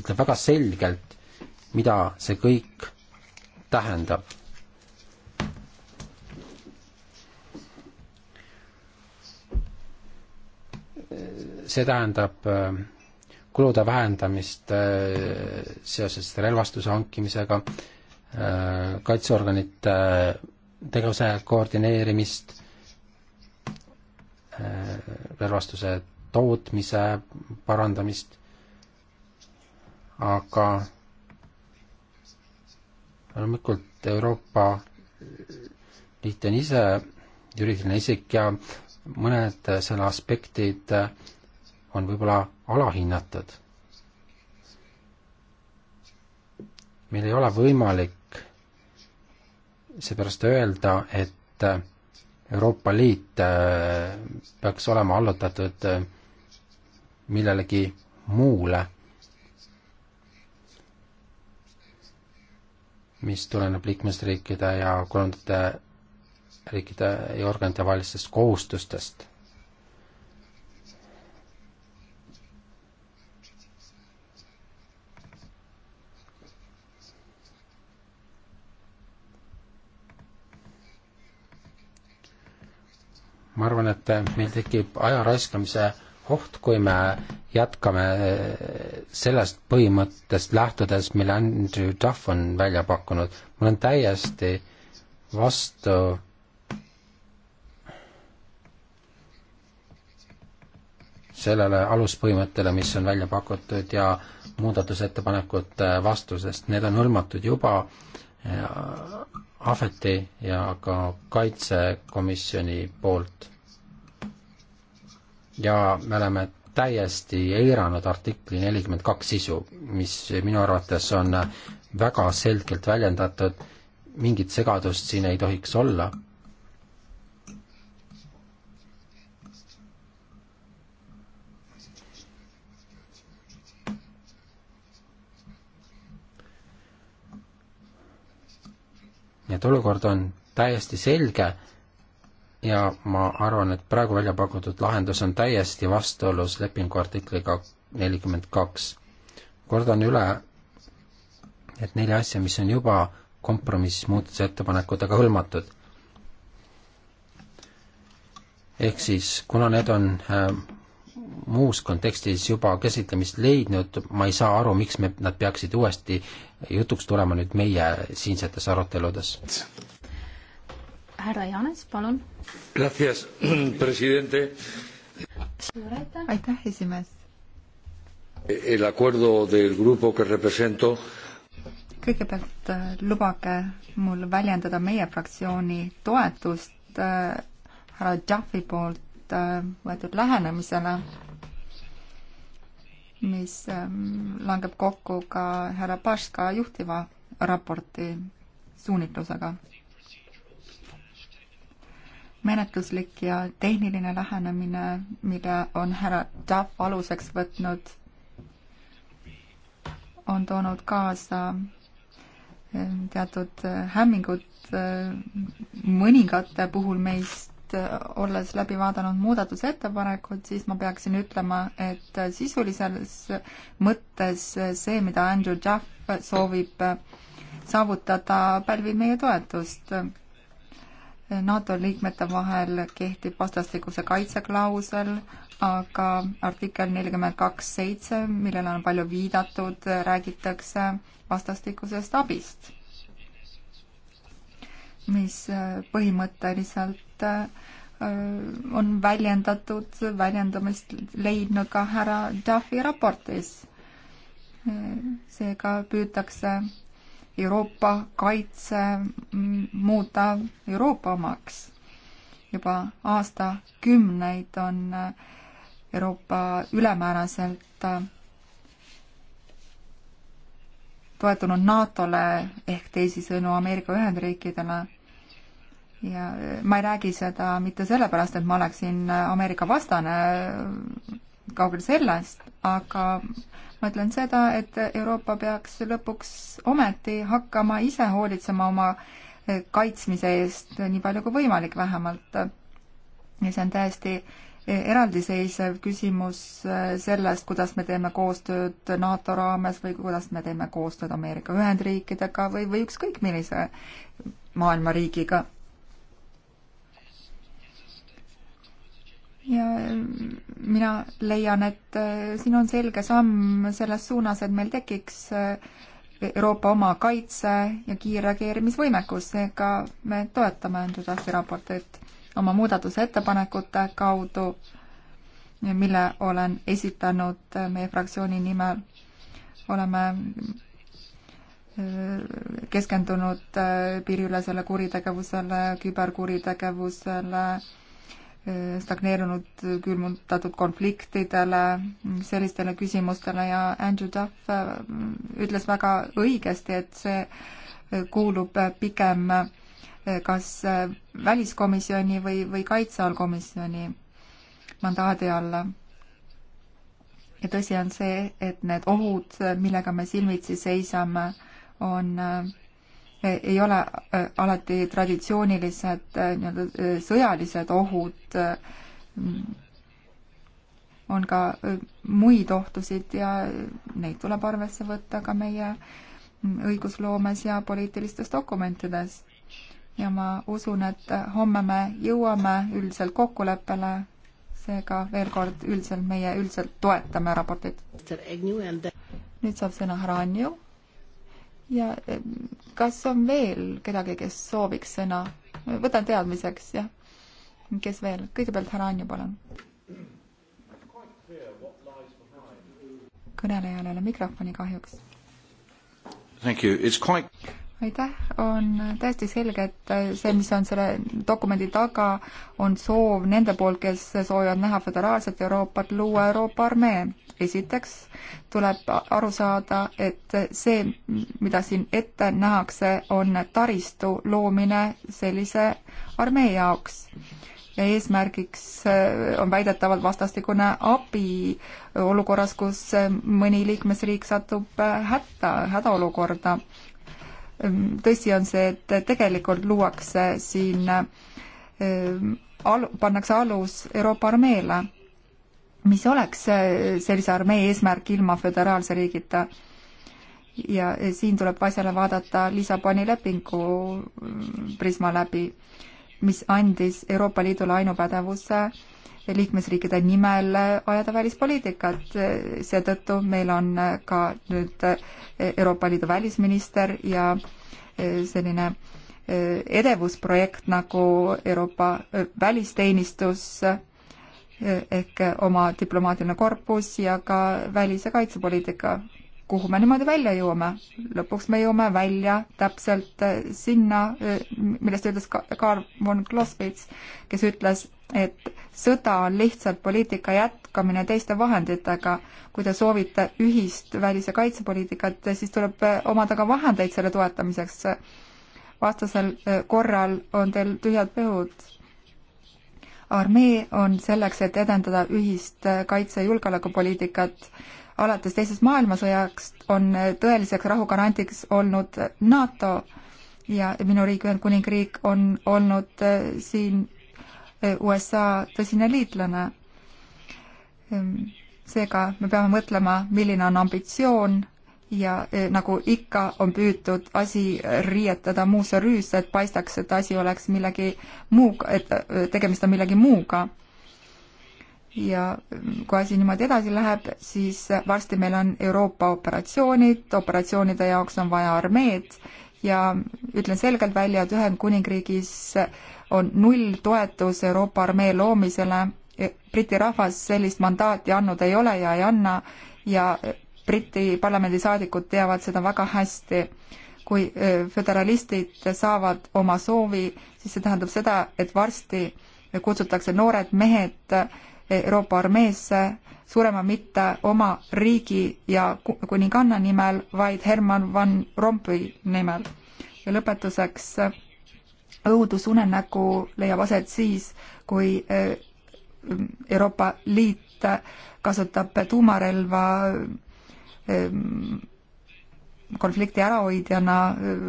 ütleb väga selgelt, mida see kõik tähendab see tähendab äh, kulude vähendamist äh, seoses relvastuse hankimisega, äh, kaitseorganite tegevuse koordineerimist, relvastuse tootmise parandamist, aga loomulikult Euroopa Liit on ise juriidiline isik ja mõned äh, selle aspektid äh, on võib-olla alahinnatud. meil ei ole võimalik seepärast öelda, et äh, Euroopa Liit peaks olema allutatud millelegi muule, mis tuleneb liikmesriikide ja kolmandate liikmesriikide ja organite vahelistest kohustustest. ma arvan, et meil tekib aja raiskamise oht, kui me jätkame sellest põhimõttest lähtudes, mille Andrew Duff on välja pakkunud. ma olen täiesti vastu sellele aluspõhimõttele, mis on välja pakutud ja muudatusettepanekute vastusest, need on hõlmatud juba äh, Ahveti ja ka Kaitsekomisjoni poolt. ja me oleme täiesti eiranud artikli nelikümmend kaks sisu, mis minu arvates on väga selgelt väljendatud, mingit segadust siin ei tohiks olla nii et olukord on täiesti selge ja ma arvan, et praegu välja pakutud lahendus on täiesti vastuolus lepingu artikliga nelikümmend kaks. kordan üle, et neli asja, mis on juba kompromiss muudatusettepanekutega hõlmatud. ehk siis, kuna need on äh, muus kontekstis juba käsitlemist leidnud, ma ei saa aru, miks me, nad peaksid uuesti jutuks tulema nüüd meie siinsetes aruteludes. härra Janes, palun. aitäh, esimees. El acuerdo del grupo que represento kõigepealt äh, lubage mul väljendada meie fraktsiooni toetust äh, härra Jaffi poolt võetud, äh, võetud lähenemisele, mis ähm, langeb kokku ka härra Paška juhtiva raporti suunitlusega. menetluslik ja tehniline lähenemine, mille on härra Duff aluseks võtnud, on toonud kaasa äh, teatud äh, hämmingud mõningate puhul meist, et äh, olles läbi vaadanud muudatusettepanekud, siis ma peaksin ütlema, et sisulises mõttes see, mida Andrew Duff soovib äh, saavutada, pälvib meie toetust. NATO liikmete vahel kehtib vastastikuse kaitse klausel, aga artikkel nelikümmend kaks seitse, millele on palju viidatud, räägitakse vastastikusest abist mis äh, põhimõtteliselt Äh, on väljendatud, väljendamist leidnud ka härra Duffy raportis. seega püütakse Euroopa kaitse muuta Euroopa omaks. juba aastakümneid on Euroopa ülemääraselt toetunud NATO-le ehk teisisõnu Ameerika Ühendriikidele ja ma ei räägi seda mitte sellepärast, et ma oleksin Ameerika vastane, äh, kaugel sellest, aga ma ütlen seda, et Euroopa peaks lõpuks ometi hakkama ise hoolitsema oma äh, kaitsmise eest, nii palju kui võimalik vähemalt. ja see on täiesti äh, eraldiseisev küsimus sellest, kuidas me teeme koostööd NATO raames või kuidas me teeme koostööd Ameerika Ühendriikidega või, või ükskõik millise maailma riigiga. ja mm, mina leian, et äh, siin on selge samm selles suunas, et meil tekiks äh, Euroopa oma kaitse ja kiirreageerimisvõimekus, seega me toetame Andrusasi raportit oma muudatusettepanekute kaudu, mille olen esitanud äh, meie fraktsiooni nimel. oleme keskendunud piiriülesele kuritegevusele, küberkuritegevusele stagneerunud külmutatud konfliktidele, sellistele küsimustele ja Andrew Duff äh, ütles väga õigesti, et see äh, kuulub äh, pigem kas väliskomisjoni või, või kaitseallkomisjoni mandaadi alla. ja tõsi on see, et need ohud, millega me silmitsi seisame, on ei ole äh, alati traditsioonilised äh, nii-öelda äh, sõjalised ohud, on ka muid ohtusid ja neid tuleb arvesse võtta ka meie mm, õigusloomes ja poliitilistes dokumentides. ja ma usun, et homme me jõuame üldiselt kokkuleppele, seega veel kord üldiselt meie üldiselt toetame raportit. nüüd saab sõna härra Anju ja kas on veel kedagi, kes sooviks sõna? võtan teadmiseks, jah. kes veel? kõigepealt härra Anju, palun. kõnelejal ei ole mikrofoni kahjuks. Quite aitäh, on täiesti selge, et see, mis on selle dokumendi taga, on soov nende poolt, kes soovivad näha föderaalset Euroopat, luua Euroopa armee. esiteks tuleb aru saada, et see, mida siin ette nähakse, on taristu loomine sellise armee jaoks ja eesmärgiks äh, on väidetavalt vastastikune abi olukorras, kus äh, mõni liikmesriik satub äh, hätta, hädaolukorda tõsi on see, et tegelikult luuakse siin äh, al-, pannakse alus Euroopa armeele. mis oleks äh, sellise armee eesmärk ilma föderaalse riigita? ja siin tuleb asjale vaadata Lissaboni lepingu mm, prisma läbi, mis andis Euroopa Liidule ainupädevuse äh, liikmesriikide nimel ajada välispoliitikat. seetõttu meil on ka nüüd Euroopa Liidu välisminister ja e, selline e, edevusprojekt nagu Euroopa e, välisteenistus ehk oma diplomaatiline korpus ja ka välis- ja kaitsepoliitika kuhu me niimoodi välja jõuame. lõpuks me jõuame välja täpselt sinna, millest ütles Karl von Clausewitz, kes ütles, et sõda on lihtsalt poliitika jätkamine teiste vahenditega. kui te soovite ühist välis- ja kaitsepoliitikat, siis tuleb äh, omada ka vahendeid selle toetamiseks. vastasel äh, korral on teil tühjad pihud. armee on selleks, et edendada ühist äh, kaitse- ja julgeolekupoliitikat. alates teisest maailmasõjaks on tõeliseks rahugarandiks olnud NATO ja minu riik, Ühendkuningriik, on olnud siin USA tõsine liitlane. Ehm, seega me peame mõtlema, milline on ambitsioon ja e, nagu ikka, on püütud asi riietada muusse rüüsse, et paistaks, et asi oleks millegi muuga, et e, tegemist on millegi muuga. ja ehm, kui asi niimoodi edasi läheb, siis varsti meil on Euroopa operatsioonid, operatsioonide jaoks on vaja armeed ja ütlen selgelt välja, et Ühendkuningriigis äh, on null toetus Euroopa armee loomisele. Briti rahvas sellist mandaati andnud ei ole ja ei anna ja Briti parlamendisaadikud teavad seda väga hästi. kui äh, föderalistid saavad oma soovi, siis see tähendab seda, et varsti kutsutakse noored mehed Euroopa armeesse surema mitte oma riigi ja kuninganna nimel, vaid Herman Van Rompuy nimel. ja lõpetuseks õudusunenägu leiab aset siis, kui äh, Euroopa Liit kasutab tuumarelva ähm, konflikti ärahoidjana äh,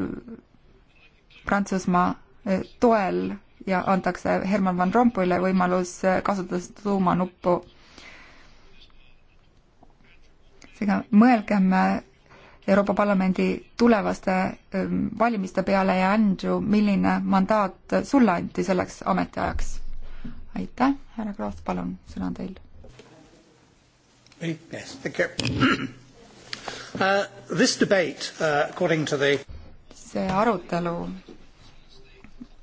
Prantsusmaa äh, toel ja antakse Herman Van Rompuyle võimalus kasutada seda tuumanuppu. seega mõelgem Euroopa Parlamendi tulevaste ähm, valimiste peale ja Andrew, milline mandaat sulle anti selleks ametiajaks? aitäh, härra Klaas, palun, sõna on teil. Yes, thank you. Uh, this debate, uh, according to the see arutelu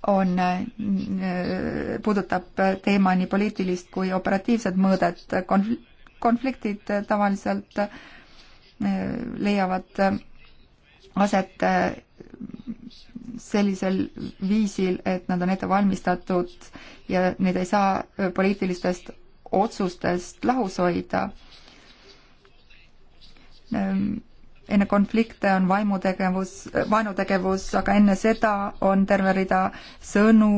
on, äh, äh, puudutab äh, teema nii poliitilist kui operatiivset mõõdet, konfliktid tavaliselt äh, leiavad äh, aset äh, sellisel viisil, et nad on ette valmistatud ja neid ei saa äh, poliitilistest otsustest lahus hoida. Ähm, enne konflikte on vaimutegevus, vaenutegevus, aga enne seda on terve rida sõnu,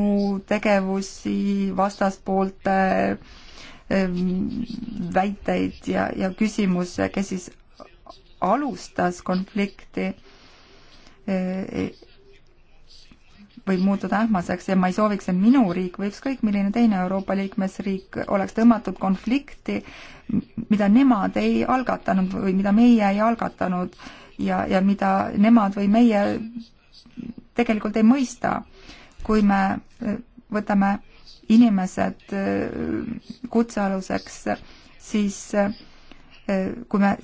tegevusi, vastaspoolte ähm, väiteid ja, ja küsimus, kes siis alustas konflikti, eh, võib muutuda ähmaseks ja ma ei sooviks, et minu riik või ükskõik milline teine Euroopa liikmesriik oleks tõmmatud konflikti, mida nemad ei algatanud või mida meie ei algatanud ja, ja mida nemad või meie tegelikult ei mõista. kui me eh, võtame inimesed eh, kutsealuseks, siis kui me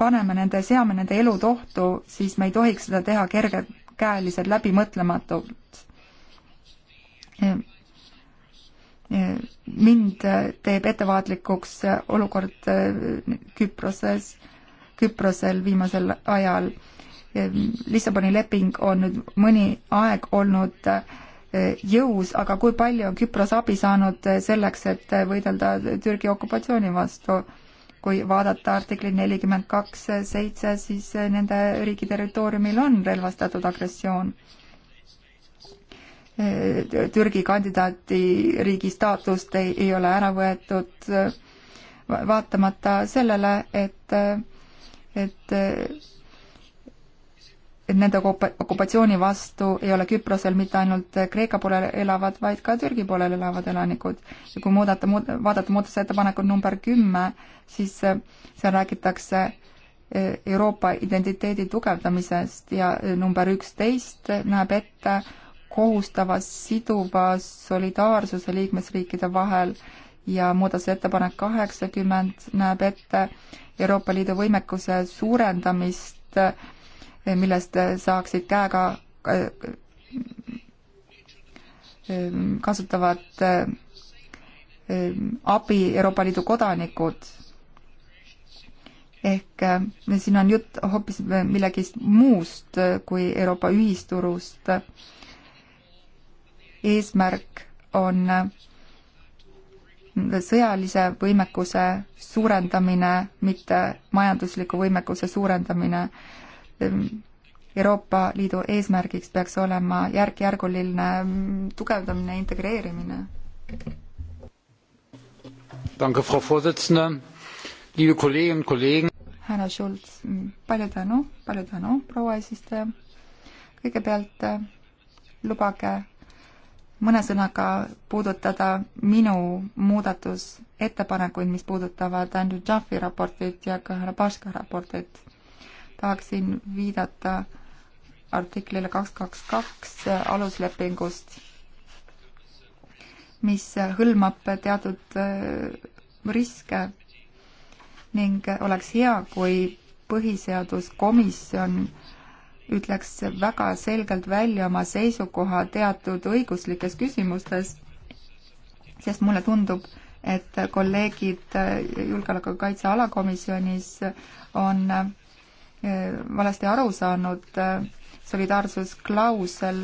paneme nende, seame nende elud ohtu, siis me ei tohiks seda teha kergekäeliselt, läbimõtlematult. mind teeb ettevaatlikuks olukord Küproses, Küprosel viimasel ajal. Lissaboni leping on nüüd mõni aeg olnud jõus, aga kui palju on Küpros abi saanud selleks, et võidelda Türgi okupatsiooni vastu? kui vaadata artikli nelikümmend kaks seitse, siis nende riigi territooriumil on relvastatud agressioon. Türgi kandidaatriigi staatust ei, ei ole ära võetud, vaatamata sellele, et, et et nende okupatsiooni vastu ei ole Küprosel mitte ainult Kreeka poolel elavad, vaid ka Türgi poolel elavad elanikud. ja kui muudata muud,, vaadata muudatusettepanekut number kümme, siis äh, seal räägitakse äh, Euroopa identiteedi tugevdamisest ja äh, number üksteist näeb ette kohustava siduva solidaarsuse liikmesriikide vahel ja muudatusettepanek kaheksakümmend näeb ette Euroopa Liidu võimekuse suurendamist Eh, millest eh, saaksid käega eh, kasutavad abi Euroopa Liidu kodanikud. ehk siin on jutt hoopis millegist muust kui Euroopa ühisturust. eesmärk on sõjalise võimekuse suurendamine, mitte majandusliku võimekuse suurendamine Ehm, Euroopa Liidu eesmärgiks peaks olema järk-järguline mm, tugevdamine, integreerimine. härra Schulz, mm, palju tänu, palju tänu, proua eesistuja. kõigepealt äh, lubage mõne sõnaga puudutada minu muudatusettepanekuid, mis puudutavad Andrew Jaffi raportit ja ka härra Paška raportit tahaksin viidata artiklile kaks kaks kaks aluslepingust, mis hõlmab teatud äh, riske ning oleks hea, kui põhiseaduskomisjon ütleks väga selgelt välja oma seisukoha teatud õiguslikes küsimustes, sest mulle tundub, et kolleegid äh, julgeoleku kaitse alakomisjonis on äh, Äh, valesti aru saanud, äh, solidaarsusklausel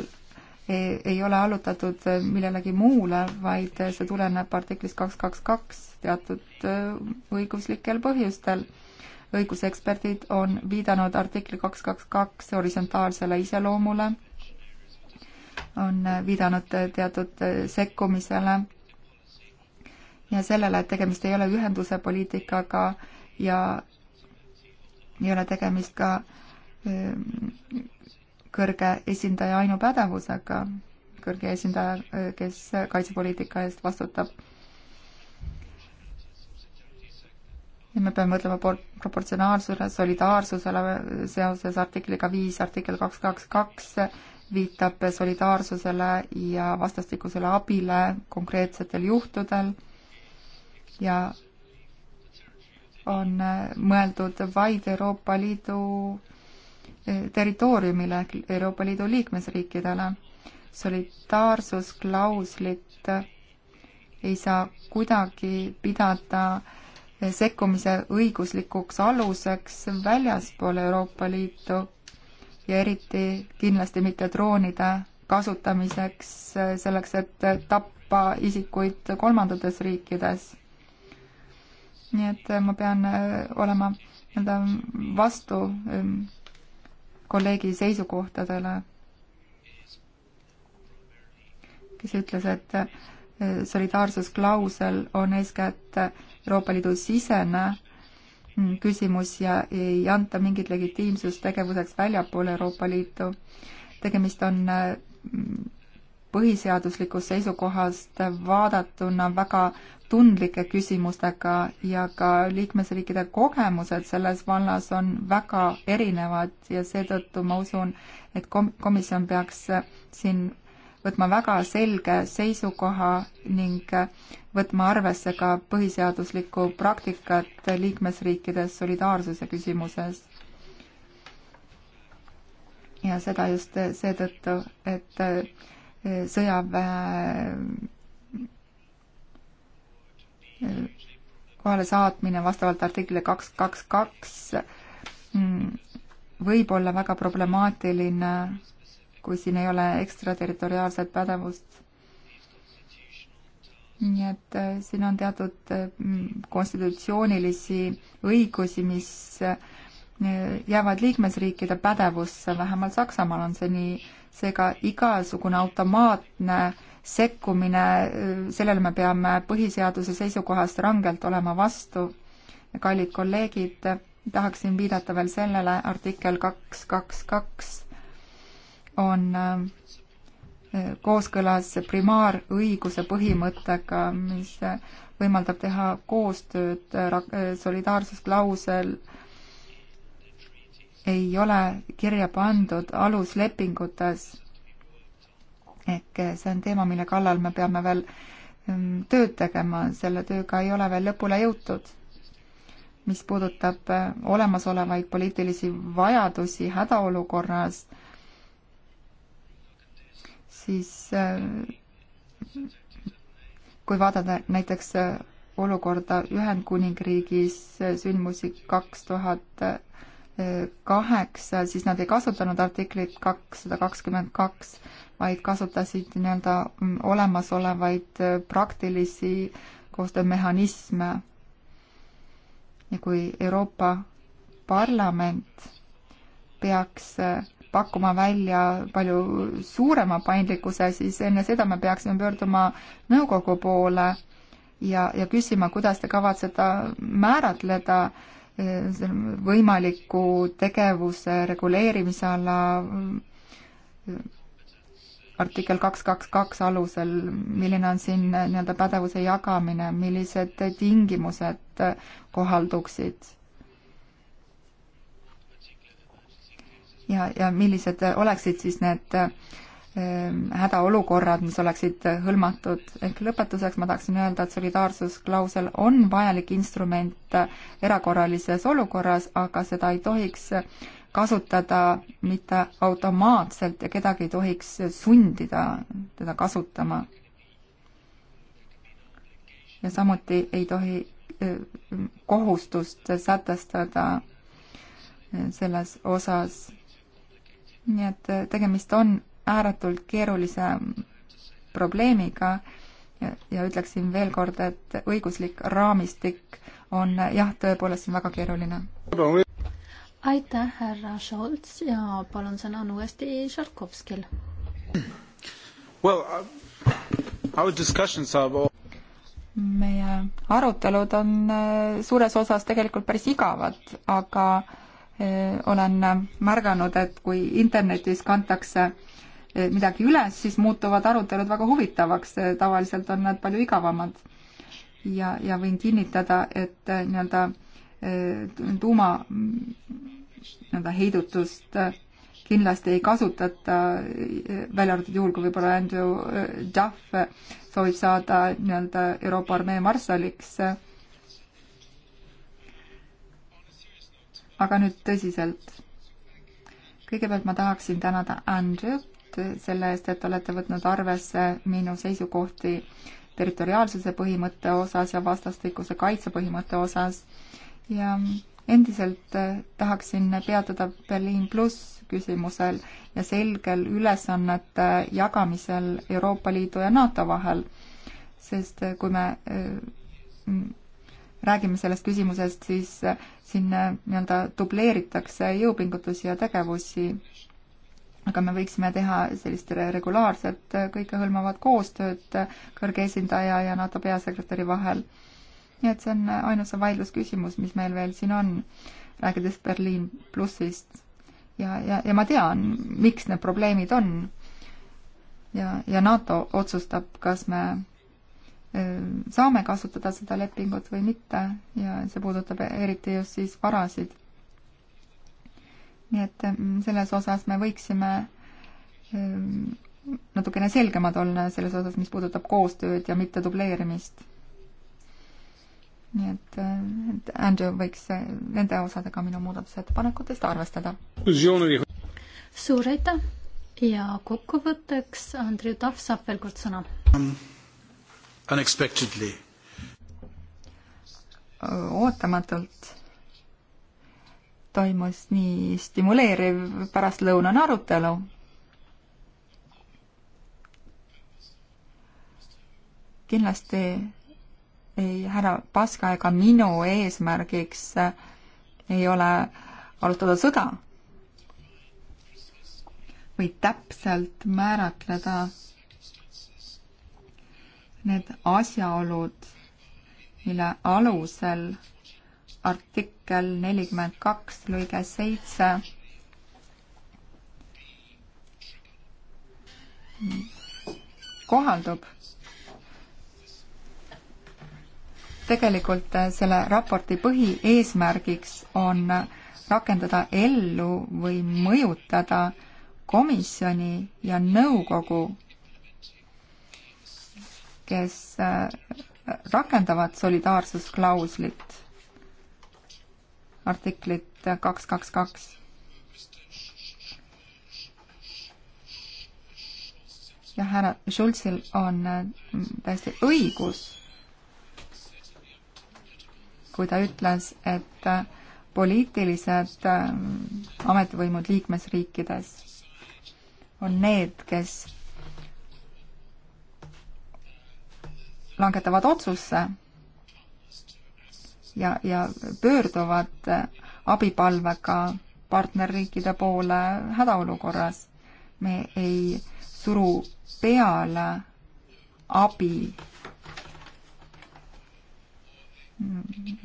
ei, ei ole allutatud äh, millelegi muule, vaid see tuleneb artiklist kaks, kaks, kaks teatud õiguslikel põhjustel. õiguseksperdid on viidanud artikli kaks, kaks, kaks horisontaalsele iseloomule, on viidanud teatud sekkumisele ja sellele, et tegemist ei ole ühenduse poliitikaga ja ei ole tegemist ka ehm, kõrge esindaja ainupädevusega, kõrge esindaja, ehm, kes kaitsepoliitika eest vastutab. ja me peame mõtlema proportsionaalsusele, solidaarsusele ehm, seoses artikliga viis, artikkel kaks, kaks, kaks viitab solidaarsusele ja vastastikusele abile konkreetsetel juhtudel ja on äh, mõeldud vaid Euroopa Liidu äh, territooriumile, Euroopa Liidu liikmesriikidele. solidaarsusklauslit äh, ei saa kuidagi pidada sekkumise õiguslikuks aluseks väljaspool Euroopa Liitu ja eriti kindlasti mitte droonide kasutamiseks selleks, et tappa isikuid kolmandates riikides nii et äh, ma pean äh, olema nii-öelda vastu ähm, kolleegi seisukohtadele, kes ütles, et äh, solidaarsusklausel on eeskätt Euroopa Liidu sisene mm, küsimus ja ei anta mingit legitiimsust tegevuseks väljapoole Euroopa Liitu. tegemist on mm, põhiseaduslikust seisukohast vaadatuna väga tundlike küsimustega ja ka liikmesriikide kogemused selles vallas on väga erinevad ja seetõttu ma usun, et kom-, komisjon peaks siin võtma väga selge seisukoha ning võtma arvesse ka põhiseaduslikku praktikat liikmesriikides solidaarsuse küsimuses. ja seda just seetõttu, et sõjaväe kohale saatmine vastavalt artiklile kaks, kaks, kaks mm, võib olla väga problemaatiline, kui siin ei ole ekstraterritoriaalset pädevust. nii et äh, siin on teatud äh, mm, konstitutsioonilisi õigusi, mis äh, jäävad liikmesriikide pädevusse, vähemalt Saksamaal on see nii seega igasugune automaatne sekkumine, sellele me peame põhiseaduse seisukohast rangelt olema vastu. kallid kolleegid, tahaksin viidata veel sellele, artikkel kaks, kaks, kaks on äh, kooskõlas primaarõiguse põhimõttega, mis võimaldab teha koostööd äh, äh, solidaarsusklausel äh, ei ole kirja pandud aluslepingutes. ehk see on teema, mille kallal me peame veel mm, tööd tegema, selle tööga ei ole veel lõpule jõutud. mis puudutab äh, olemasolevaid poliitilisi vajadusi hädaolukorras, siis äh, kui vaadata näiteks äh, olukorda Ühendkuningriigis, sündmusi kaks tuhat kaheksa, siis nad ei kasutanud artiklit kakssada kakskümmend kaks, vaid kasutasid nii-öelda mm, olemasolevaid äh, praktilisi koostöömehhanisme. ja kui Euroopa Parlament peaks äh, pakkuma välja palju suurema paindlikkuse, siis enne seda me peaksime pöörduma nõukogu poole ja, ja küsima, kuidas te kavatsete määratleda äh, võimaliku tegevuse reguleerimise alla artikkel kaks, kaks, kaks alusel, milline on siin nii-öelda pädevuse jagamine, millised tingimused kohalduksid? ja, ja millised oleksid siis need äh, Ähm, hädaolukorrad, mis oleksid hõlmatud. ehk lõpetuseks ma tahaksin öelda, et solidaarsusklausel on vajalik instrument erakorralises olukorras, aga seda ei tohiks kasutada mitte automaatselt ja kedagi ei tohiks sundida teda kasutama. ja samuti ei tohi äh, kohustust sätestada äh, selles osas nii et äh, tegemist on ääretult keerulise probleemiga ja, ja ütleksin veel kord, et õiguslik raamistik on jah, tõepoolest on väga keeruline. aitäh, härra Scholz ja palun sõna on uuesti Žarkovskil. Well, uh, our discussions are all meie arutelud on uh, suures osas tegelikult päris igavad, aga uh, olen märganud, et kui internetis kantakse Eh, midagi üles, siis muutuvad arutelud väga huvitavaks, eh, tavaliselt on nad palju igavamad. ja, ja võin kinnitada, et eh, nii-öelda tuuma nii-öelda heidutust kindlasti ei kasutata, välja arvatud juhul, kui võib-olla Andrew Duff soovib saada nii-öelda Euroopa armee marssaliks. aga nüüd tõsiselt. kõigepealt ma tahaksin tänada Andrewt eest, selle eest, et olete võtnud arvesse minu seisukohti territoriaalsuse põhimõtte osas ja vastastikuse kaitse põhimõtte osas. ja endiselt eh, tahaksin peatuda Berliin pluss küsimusel ja selgel ülesannete jagamisel Euroopa Liidu ja NATO vahel. sest eh, kui me eh, räägime sellest küsimusest, siis siin nii-öelda dubleeritakse jõupingutusi ja tegevusi aga me võiksime teha sellist regulaarset kõikehõlmavat koostööd kõrge esindaja ja NATO peasekretäri vahel. nii et see on ainus vaidlusküsimus, mis meil veel siin on, rääkides Berliin plussist. ja, ja, ja ma tean, miks need probleemid on. ja, ja NATO otsustab, kas me saame kasutada seda lepingut või mitte ja see puudutab eriti just siis varasid nii et mm, selles osas me võiksime mm, natukene selgemad olla selles osas, mis puudutab koostööd ja mitte dubleerimist. nii et, mm, et Andrew võiks nende osadega minu muudatusettepanekutest arvestada. suur aitäh ja kokkuvõtteks Andrew Tahv saab veel kord sõna um,. Unexpectedly. ootamatult toimus nii stimuleeriv pärastlõunane arutelu. kindlasti ei härra Paska ega minu eesmärgiks ei ole alustada sõda või täpselt määratleda need asjaolud, mille alusel artikkel nelikümmend kaks lõige seitse kohaldub. tegelikult selle raporti põhieesmärgiks on rakendada ellu või mõjutada komisjoni ja nõukogu, kes äh, rakendavad solidaarsusklauslit artiklit kaks, kaks, kaks. ja härra Schulzil on äh, täiesti õigus, kui ta ütles, et äh, poliitilised äh, ametivõimud liikmesriikides on need, kes langetavad otsusse ja, ja pöörduvad abipalvega partnerriikide poole hädaolukorras. me ei suru peale abi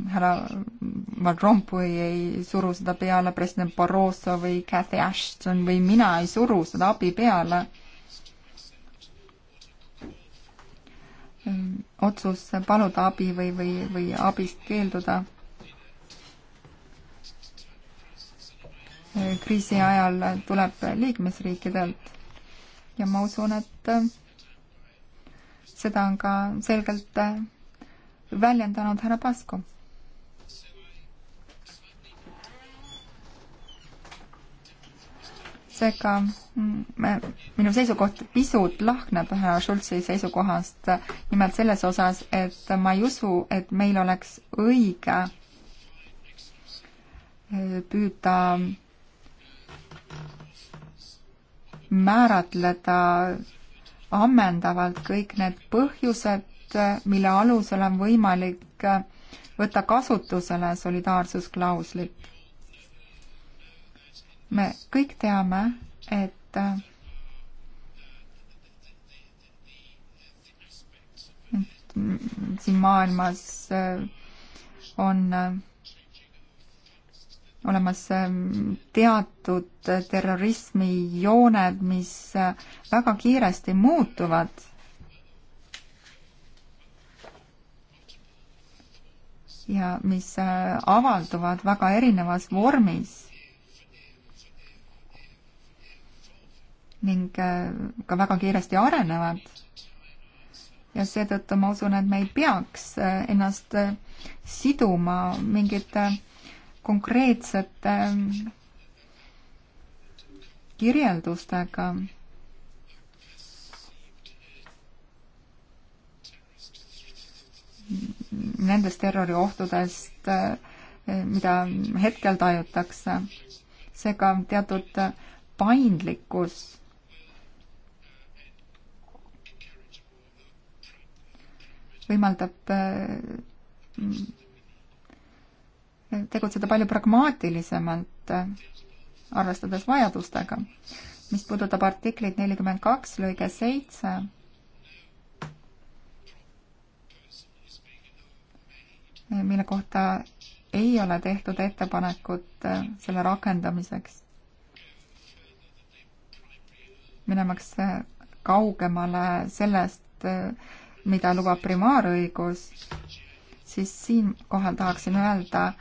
härra Van Rompuy ei suru seda peale, president Barroso või Cathy Ashton või mina ei suru seda abi peale Ähm, otsus paluda abi või, või, või abist keelduda. Äh, kriisi ajal tuleb liikmesriikidelt ja ma usun, et äh, seda on ka selgelt äh, väljendanud härra Pasku seega mm, minu seisukoht pisut lahkneb härra Schultzi seisukohast, nimelt selles osas, et ma ei usu, et meil oleks õige äh, püüda määratleda ammendavalt kõik need põhjused, mille alusel on võimalik võtta kasutusele solidaarsusklauslit me kõik teame, et siin maailmas äh, on äh, olemas äh, teatud terrorismijooned, mis väga kiiresti muutuvad. ja mis avalduvad väga erinevas vormis ning äh, ka väga kiiresti arenevad. ja seetõttu ma usun, et me ei peaks äh, ennast äh, siduma mingite konkreetsete kirjeldustega. Nendest terroriohtudest, mida hetkel tajutakse. seega teatud paindlikkus võimaldab äh, mm, tegutseda palju pragmaatilisemalt, äh, arvestades vajadustega. mis puudutab artiklit nelikümmend kaks lõige seitse, äh, mille kohta ei ole tehtud ettepanekut selle rakendamiseks, minemaks kaugemale sellest, mida lubab primaarõigus, siis siinkohal tahaksin öelda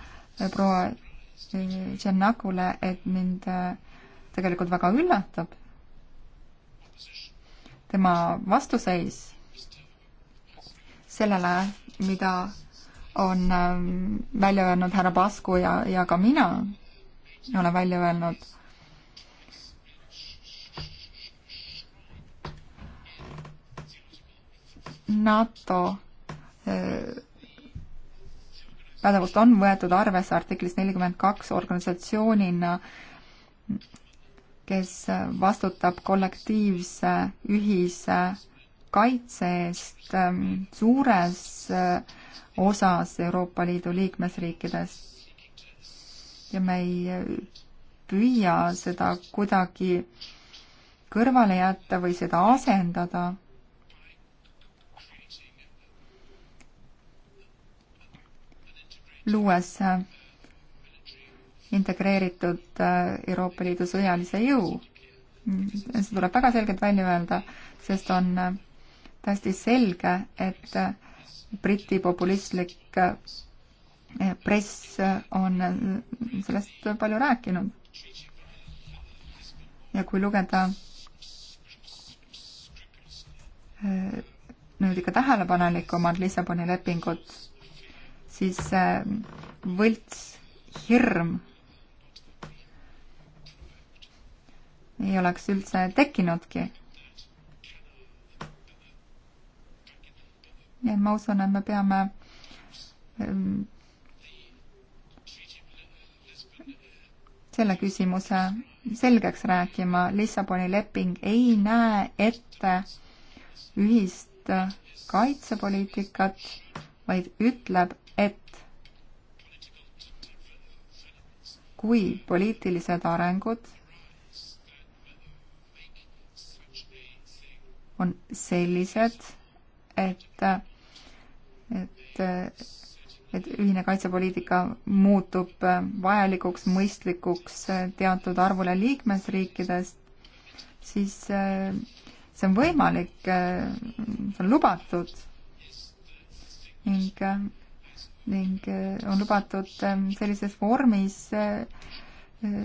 eh, proua eh, Tšernakule, et mind eh, tegelikult väga üllatab tema vastuseis sellele, mida on välja öelnud härra Pasku ja, ja ka mina olen välja öelnud NATO eh, pädevust on võetud arvesse artiklis nelikümmend kaks organisatsioonina, kes vastutab kollektiivse ühise kaitse eest ehm, suures eh, osas Euroopa Liidu liikmesriikidest. ja me ei eh, püüa seda kuidagi kõrvale jätta või seda asendada luues äh, integreeritud äh, Euroopa Liidu sõjalise jõu. Mm, see tuleb väga selgelt välja öelda, sest on äh, täiesti selge, et Briti populistlik press on sellest palju rääkinud. ja kui lugeda nüüd ikka tähelepanelikumalt Lissaboni lepingut, siis äh, võltshirm ei oleks üldse tekkinudki. nii et ma usun, et me peame ähm, selle küsimuse selgeks rääkima. Lissaboni leping ei näe ette ühist äh, kaitsepoliitikat, vaid ütleb, et kui poliitilised arengud on sellised, et, et, et ühine kaitsepoliitika muutub vajalikuks, mõistlikuks teatud arvule liikmesriikidest, siis see on võimalik, see on lubatud ning ning eh, on lubatud eh, sellises vormis, eh,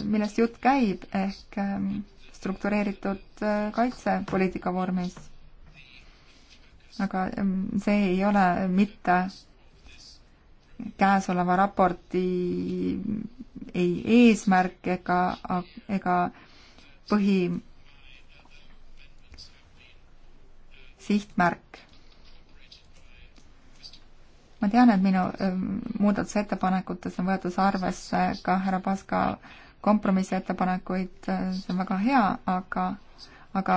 millest jutt käib, ehk struktureeritud kaitsepoliitika vormis. aga see ei ole mitte käesoleva raporti ei eesmärk ega, ega põhi sihtmärk ma tean, et minu ähm, muudatusettepanekutes on võetud arvesse ka härra Paska kompromissettepanekuid, äh, see on väga hea, aga, aga,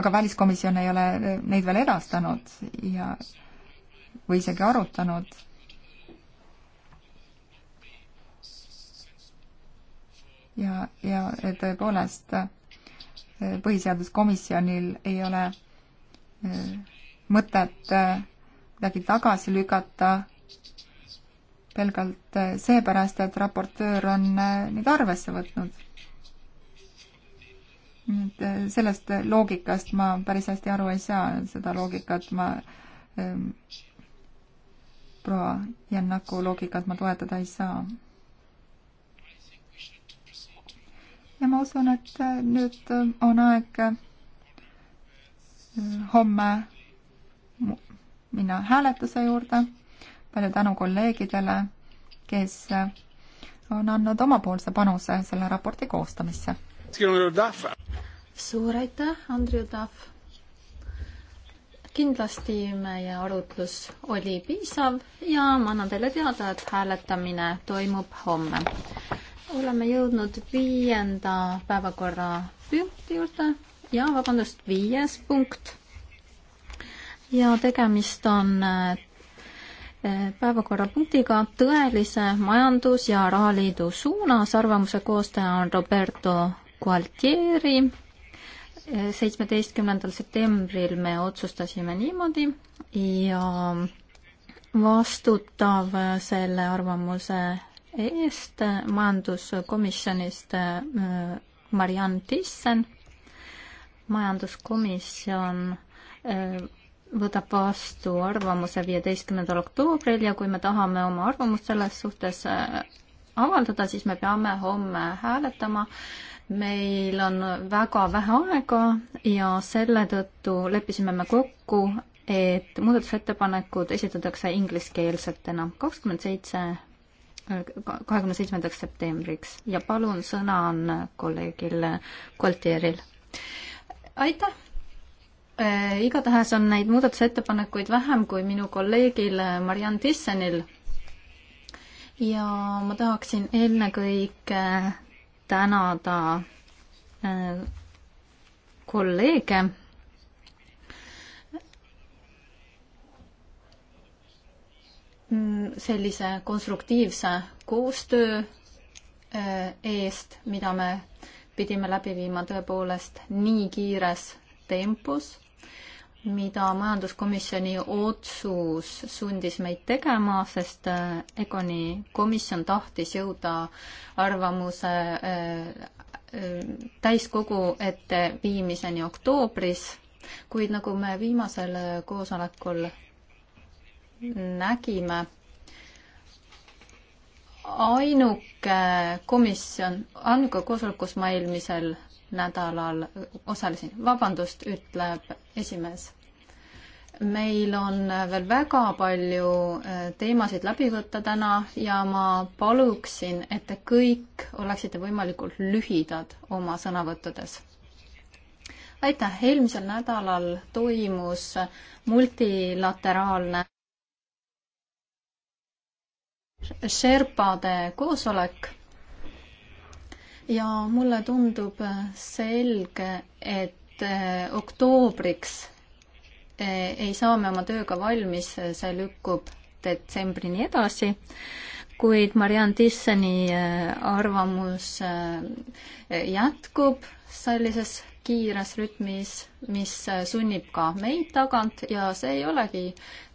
aga väliskomisjon ei ole äh, neid veel edastanud ja, või isegi arutanud. ja, ja tõepoolest äh, põhiseaduskomisjonil ei ole mõtet kuidagi tagasi lükata pelgalt eh, seepärast, et raportöör on eh, neid arvesse võtnud. et eh, sellest loogikast ma päris hästi aru ei saa, seda loogikat ma ähm, proua Jannaku loogikat ma toetada ei saa. ja ma usun, et nüüd on aeg homme minna hääletuse juurde. palju tänu kolleegidele, kes on andnud omapoolse panuse selle raporti koostamisse. suur aitäh, Andrei Udav! kindlasti meie arutlus oli piisav ja ma annan teile teada, et hääletamine toimub homme. oleme jõudnud viienda päevakorrapunkti juurde ja vabandust, viies punkt ja tegemist on äh, äh, päevakorrapunktiga Tõelise majandus- ja rahaliidu suunas. arvamuse koostaja on Roberto Gualtieri. Äh, seitsmeteistkümnendal septembril me otsustasime niimoodi ja vastutav selle arvamuse eest majanduskomisjonist Mariann Tissen. majanduskomisjon võtab vastu arvamuse viieteistkümnendal oktoobril ja kui me tahame oma arvamust selles suhtes äh, avaldada, siis me peame homme hääletama. meil on väga vähe aega ja selle tõttu leppisime me kokku, et muudatusettepanekud esitatakse ingliskeelsetena kakskümmend seitse, äh, kahekümne seitsmendaks septembriks ja palun, sõna on kolleegil Koltieril. aitäh! Äh, igatahes on neid muudatusettepanekuid vähem kui minu kolleegil äh, Mariann Tissenil. ja ma tahaksin ennekõike äh, tänada kolleege. Mm, sellise konstruktiivse koostöö eest, mida me pidime läbi viima tõepoolest nii kiires tempos mida majanduskomisjoni otsus sundis meid tegema, sest äh, Egoni komisjon tahtis jõuda arvamuse äh, äh, täiskogu ette viimiseni oktoobris, kuid nagu me viimasel koosolekul nägime, ainuke komisjon, ainuke koosolek, kus ma eelmisel nädalal osalesin. vabandust, ütleb esimees. meil on veel väga palju äh, teemasid läbi võtta täna ja ma paluksin, et te kõik oleksite võimalikult lühidad oma sõnavõttudes. aitäh, eelmisel nädalal toimus multilateraalne Sherpade koosolek ja mulle tundub selge, et äh, oktoobriks äh, ei saa me oma tööga valmis, äh, see lükkub detsembrini edasi, kuid Marianne Tissoni arvamus jätkub sellises kiires rütmis, mis sunnib ka meid tagant ja see ei olegi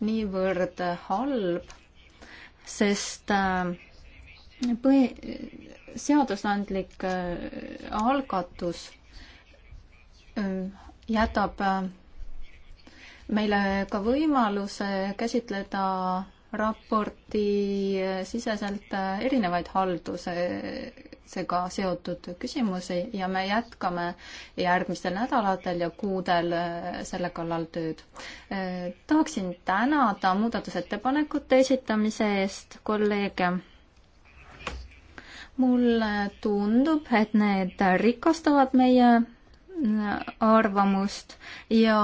niivõrd halb, sest äh, põhi, seadusandlik äh, algatus äh, jätab äh, meile ka võimaluse käsitleda raporti siseselt erinevaid haldusega seotud küsimusi ja me jätkame järgmistel nädalatel ja kuudel selle kallal tööd. tahaksin tänada muudatusettepanekute esitamise eest kolleege mulle tundub, et need rikastavad meie äh, arvamust ja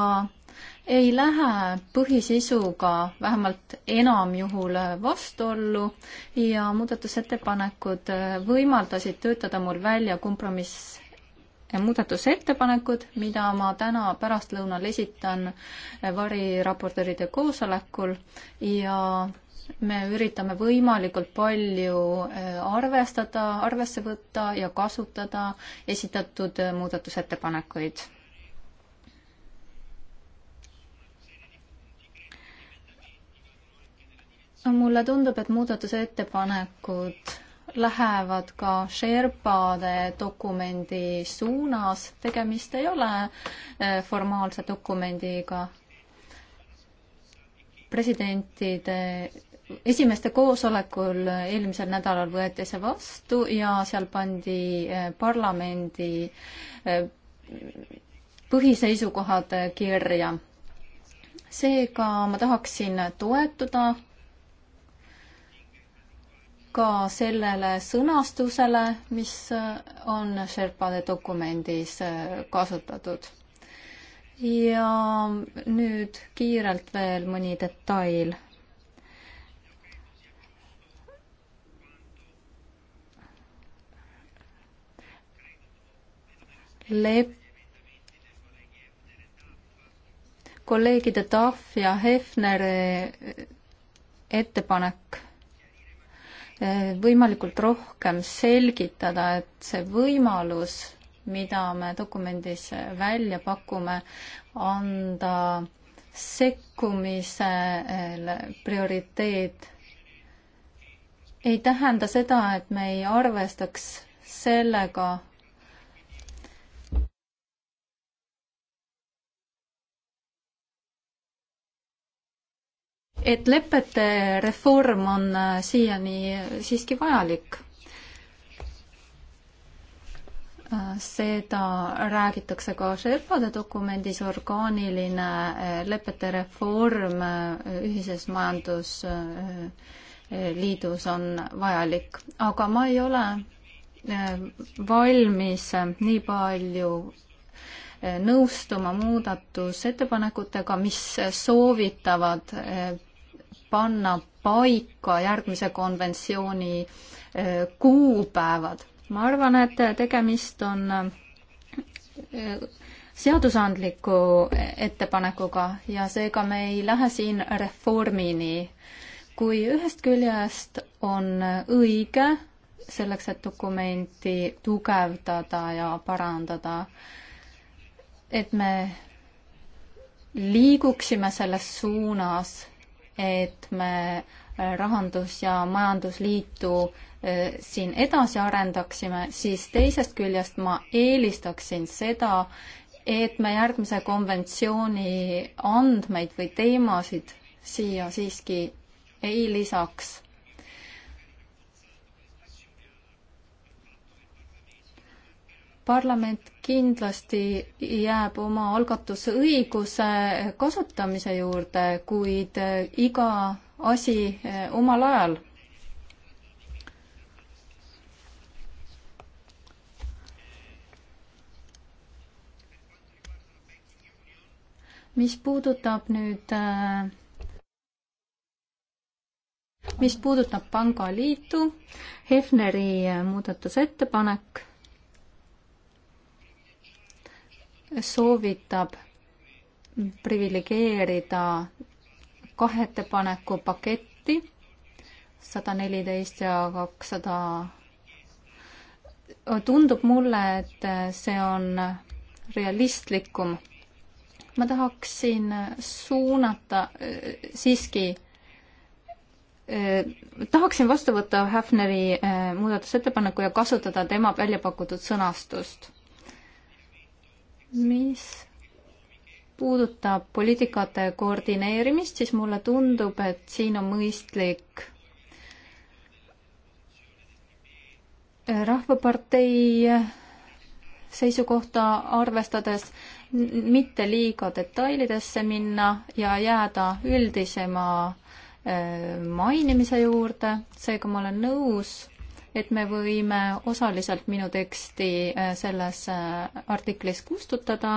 ei lähe põhisisuga vähemalt enamjuhul vastuollu ja muudatusettepanekud äh, võimaldasid töötada mul välja kompromiss äh, muudatusettepanekud, mida ma täna pärastlõunal esitan variraportööride koosolekul ja me üritame võimalikult palju äh, arvestada, arvesse võtta ja kasutada esitatud äh, muudatusettepanekuid. mulle tundub, et muudatusettepanekud lähevad ka Sherpade dokumendi suunas, tegemist ei ole äh, formaalse dokumendiga. presidentide esimeste koosolekul eelmisel nädalal võeti see vastu ja seal pandi eh, parlamendi eh, põhiseisukohad eh, kirja. seega ma tahaksin toetuda ka sellele sõnastusele, mis on Sherpade dokumendis kasutatud. ja nüüd kiirelt veel mõni detail lep-, kolleegide Tahv ja Hefneri eh, ettepanek eh, võimalikult rohkem selgitada, et see võimalus, mida me dokumendis välja pakume, anda sekkumisele prioriteet, ei tähenda seda, et me ei arvestaks sellega, et lepete reform on äh, siiani siiski vajalik. Äh, seda räägitakse ka Sherpade dokumendis, orgaaniline äh, lepete reform ühises majandusliidus on vajalik, aga ma ei ole valmis nii palju nõustuma muudatusettepanekutega, mis soovitavad panna paika järgmise konventsiooni eh, kuupäevad. ma arvan, et tegemist on eh, seadusandliku ettepanekuga ja seega me ei lähe siin reformini. kui ühest küljest on õige selleks, et dokumenti tugevdada ja parandada, et me liiguksime selles suunas, et me äh, rahandus- ja majandusliitu äh, siin edasi arendaksime, siis teisest küljest ma eelistaksin seda, et me järgmise konventsiooni andmeid või teemasid siia siiski ei lisaks. parlament kindlasti jääb oma algatusõiguse kasutamise juurde, kuid eh, iga asi eh, omal ajal. mis puudutab nüüd, eh, mis puudutab Pangaliitu, Hefneri muudatusettepanek soovitab priviligeerida kahe ettepaneku paketti sada neliteist ja kakssada. tundub mulle, et see on realistlikum. ma tahaksin suunata äh, siiski äh, tahaksin vastu võtta Häfneri äh, muudatusettepaneku ja kasutada tema välja pakutud sõnastust mis puudutab poliitikate koordineerimist, siis mulle tundub, et siin on mõistlik rahvapartei seisukohta arvestades mitte liiga detailidesse minna ja jääda üldisema äh, mainimise juurde, seega ma olen nõus et me võime osaliselt minu teksti äh, selles äh, artiklis kustutada,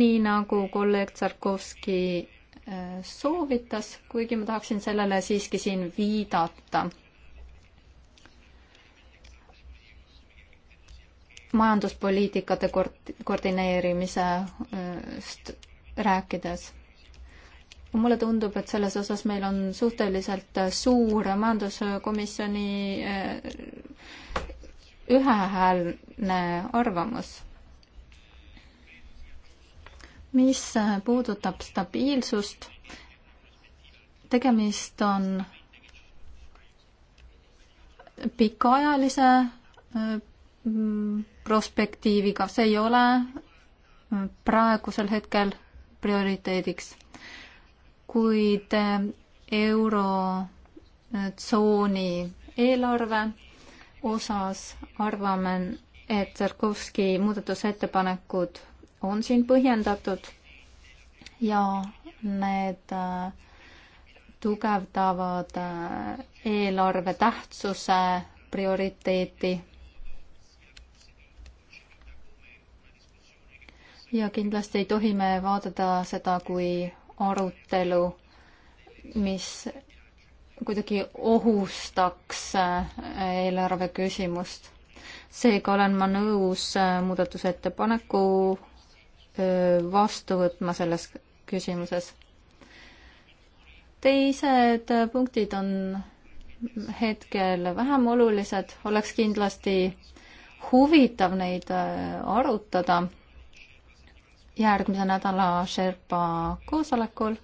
nii nagu kolleeg Tsarkovski äh, soovitas, kuigi ma tahaksin sellele siiski siin viidata majanduspoliitikate koordineerimisest rääkides mulle tundub, et selles osas meil on suhteliselt suur majanduskomisjoni eh, ühehäälne arvamus. mis puudutab stabiilsust, tegemist on pikaajalise eh, prospektiiviga, see ei ole eh, praegusel hetkel prioriteediks kuid eh, eurotsooni eh, eelarve osas arvame, et Tsarkovski muudatusettepanekud on siin põhjendatud ja need eh, tugevdavad eelarve tähtsuse prioriteeti. ja kindlasti ei tohi me vaadata seda kui arutelu, mis kuidagi ohustaks äh, eelarve küsimust. seega olen ma nõus äh, muudatusettepaneku äh, vastu võtma selles küsimuses. teised punktid on hetkel vähem olulised, oleks kindlasti huvitav neid arutada järgmise nädala Sherpa koosolekul,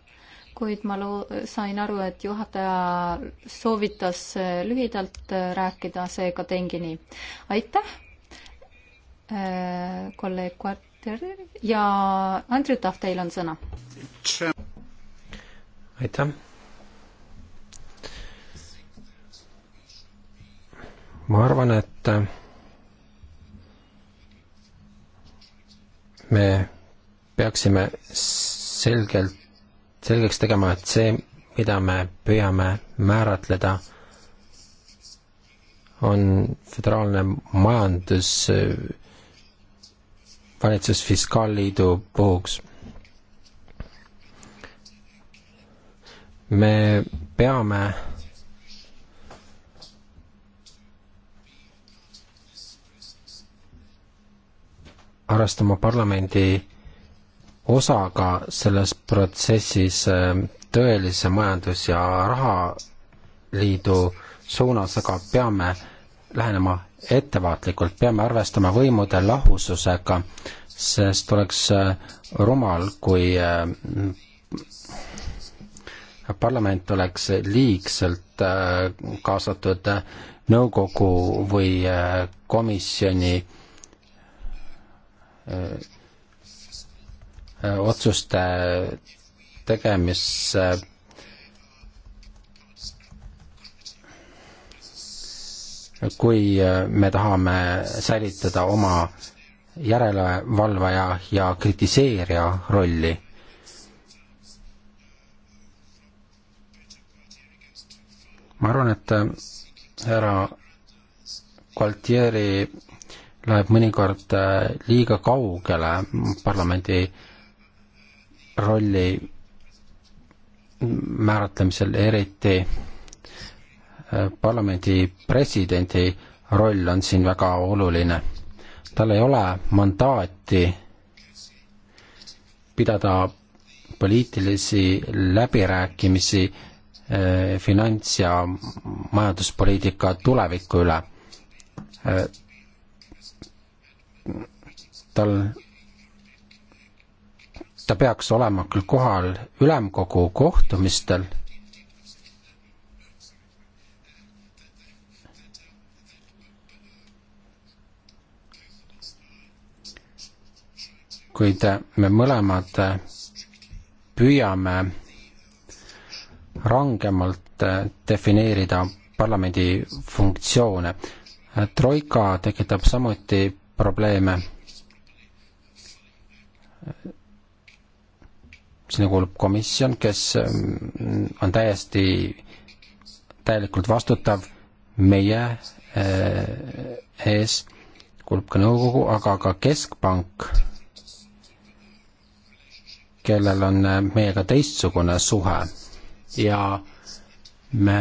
kuid ma loo-, sain aru, et juhataja soovitas lühidalt rääkida, seega teengi nii. aitäh, äh, kolleeg Kvarter ja Andrew Tahv, teil on sõna. aitäh. ma arvan, et me peaksime selgelt, selgeks tegema, et see, mida me püüame määratleda, on föderaalne majandus valitsus fiskaalliidu puhuks. me peame arvestama parlamendi osaga selles protsessis ähm, tõelise majandus- ja rahaliidu suunas, aga peame lähenema ettevaatlikult, peame arvestama võimude lahususega, sest oleks äh, rumal, kui äh, parlament oleks liigselt äh, kaasatud nõukogu või komisjoni Äh, otsuste tegemisse kui äh, me tahame säilitada oma järelevalvaja ja kritiseerija rolli ma arvan, et äh, härra Gualtieri läheb mõnikord liiga kaugele parlamendi rolli määratlemisel, eriti äh, parlamendi presidendi roll on siin väga oluline. tal ei ole mandaati pidada poliitilisi läbirääkimisi äh, finants- ja majanduspoliitika tuleviku üle. Äh, tal ta peaks olema küll kohal ülemkogu kohtumistel, kuid me mõlemad püüame rangemalt defineerida parlamendi funktsioone. troika tekitab samuti probleeme sinna kuulub komisjon, kes mm, on täiesti, täielikult vastutav meie äh, ees, kuulub ka nõukogu, aga ka keskpank, kellel on äh, meiega teistsugune suhe ja me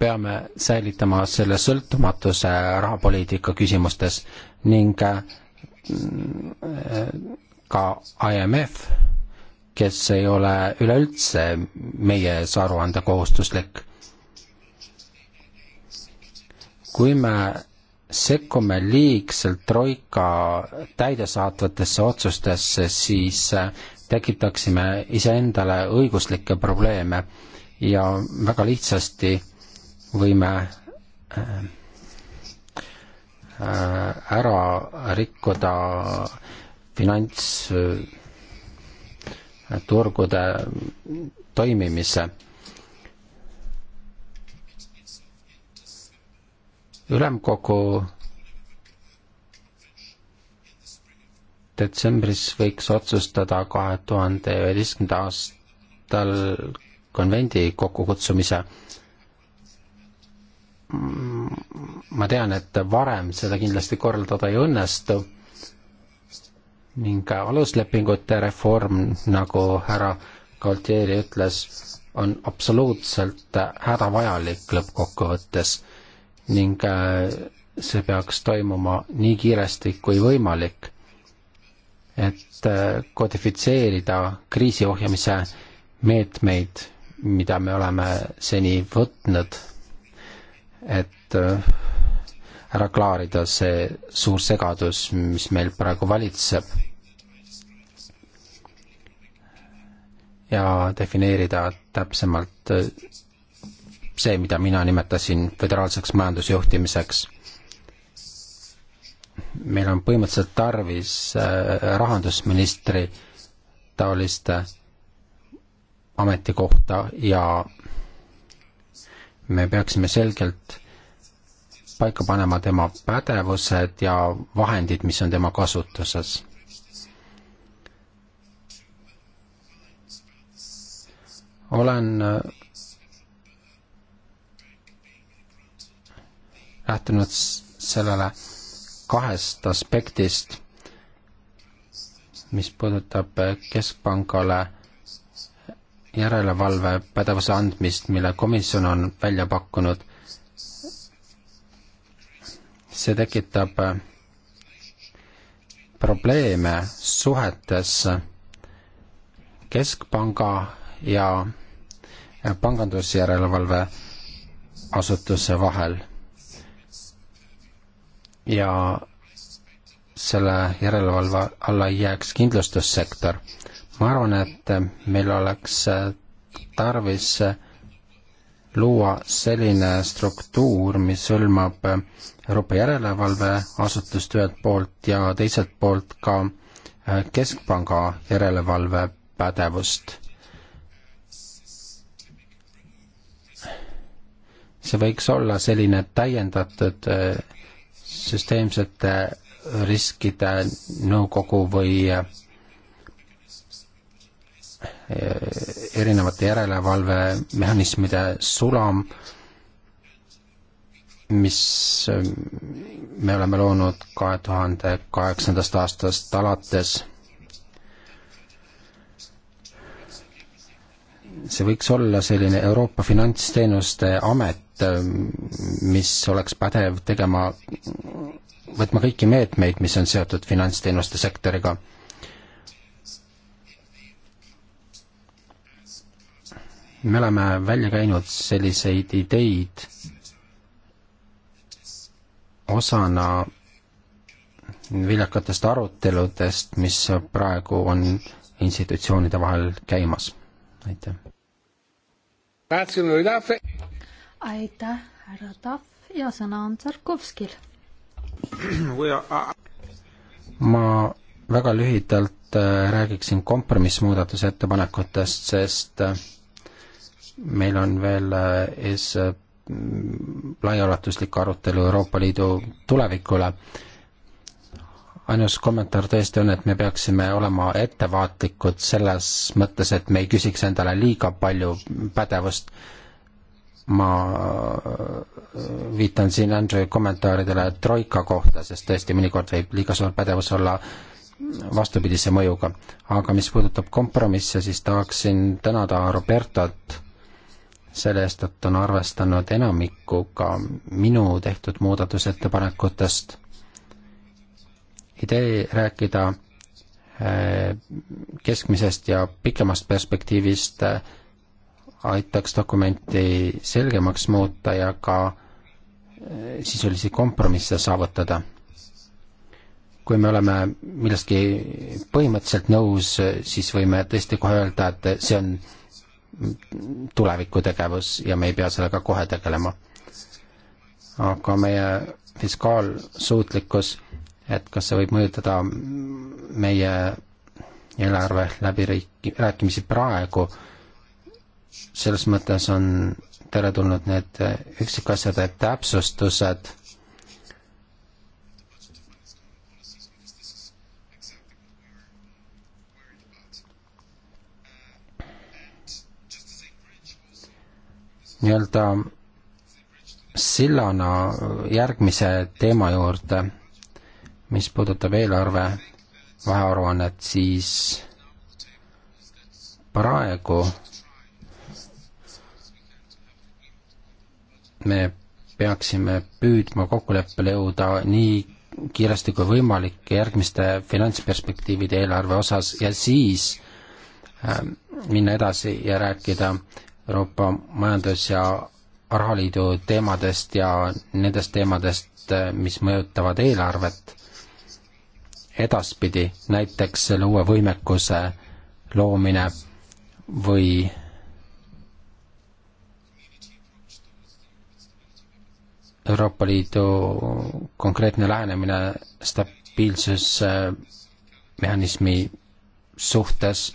peame säilitama selle sõltumatuse rahapoliitika küsimustes ning äh, ka IMF, kes ei ole üleüldse meie ees aruandekohustuslik. kui me sekkume liigselt Troika täidesaatvatesse otsustesse, siis tekitaksime iseendale õiguslikke probleeme ja väga lihtsasti võime äh, Äh, ära rikkuda finantsturgude äh, toimimise. ülemkogu detsembris võiks otsustada kahe tuhande üheteistkümnenda aastal konvendi kokkukutsumise ma tean, et varem seda kindlasti korraldada ei õnnestu ning aluslepingute reform, nagu härra Galtieri ütles, on absoluutselt hädavajalik lõppkokkuvõttes ning äh, see peaks toimuma nii kiiresti kui võimalik, et äh, kodifitseerida kriisiohjamise meetmeid, mida me oleme seni võtnud et äh, ära klaarida see suur segadus, mis meil praegu valitseb. ja defineerida täpsemalt äh, see, mida mina nimetasin föderaalseks majandusjuhtimiseks. meil on põhimõtteliselt tarvis äh, rahandusministri taolist ametikohta ja me peaksime selgelt paika panema tema pädevused ja vahendid, mis on tema kasutuses. olen äh, lähtunud sellele kahest aspektist, mis puudutab keskpangale järelevalvepädevuse andmist, mille komisjon on välja pakkunud, see tekitab äh, probleeme suhetes keskpanga ja äh, pangandusjärelevalve asutuse vahel. ja selle järelevalve alla ei jääks kindlustussektor ma arvan, et meil oleks äh, tarvis äh, luua selline struktuur, mis hõlmab äh, Euroopa järelevalveasutust ühelt poolt ja teiselt poolt ka Keskpanga järelevalvepädevust. see võiks olla selline täiendatud süsteemsete riskide nõukogu või erinevate järelevalvemehhanismide sulam, mis ähm, me oleme loonud kahe tuhande kaheksandast aastast alates. see võiks olla selline Euroopa finantsteenuste amet, ähm, mis oleks pädev tegema, võtma kõiki meetmeid, mis on seotud finantsteenuste sektoriga me oleme välja käinud selliseid ideid osana viljakatest aruteludest, mis praegu on institutsioonide vahel käimas. aitäh. aitäh, härra Tahv ja sõna on Tsarkovskil. ma väga lühidalt äh, räägiksin kompromissmuudatusettepanekutest, sest äh, meil on veel äh, ees äh, laiaulatuslik arutelu Euroopa Liidu tulevikule. ainus kommentaar tõesti on, et me peaksime olema ettevaatlikud selles mõttes, et me ei küsiks endale liiga palju pädevust. ma äh, viitan siin Andrei kommentaaridele Troika kohta, sest tõesti mõnikord võib liiga suur pädevus olla vastupidise mõjuga. aga mis puudutab kompromisse, siis tahaksin tänada Robertot selle eest, et on arvestanud enamikku ka minu tehtud muudatusettepanekutest. idee rääkida eh, keskmisest ja pikemast perspektiivist eh, aitaks dokumenti selgemaks muuta ja ka eh, sisulisi kompromisse saavutada. kui me oleme millestki põhimõtteliselt nõus, siis võime tõesti kohe öelda, et see on tulevikutegevus ja me ei pea sellega kohe tegelema. aga meie fiskaalsuutlikkus, et kas see võib mõjutada meie eelarve läbirääkimisi praegu, selles mõttes on teretulnud need üksikasjade täpsustused nii-öelda sillana järgmise teema juurde, mis puudutab eelarve vahearuannet, siis praegu me peaksime püüdma kokkuleppele jõuda nii kiiresti kui võimalik järgmiste finantsperspektiivide eelarve osas ja siis äh, minna edasi ja rääkida Euroopa Majandus- ja Rahaliidu teemadest ja nendest teemadest, mis mõjutavad eelarvet edaspidi, näiteks selle uue võimekuse loomine või Euroopa Liidu konkreetne lähenemine stabiilsusmehhanismi suhtes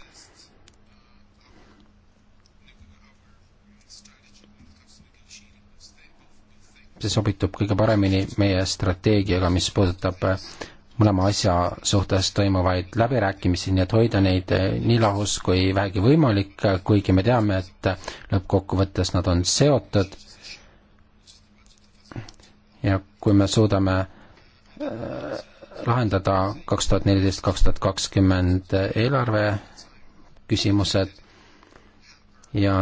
see sobitub kõige paremini meie strateegiaga, mis puudutab äh, mõlema asja suhtes toimuvaid läbirääkimisi, nii et hoida neid äh, nii lahus kui vähegi võimalik, äh, kuigi me teame, et lõppkokkuvõttes nad on seotud. ja kui me suudame lahendada kaks tuhat neliteist, kaks tuhat kakskümmend eelarve küsimused ja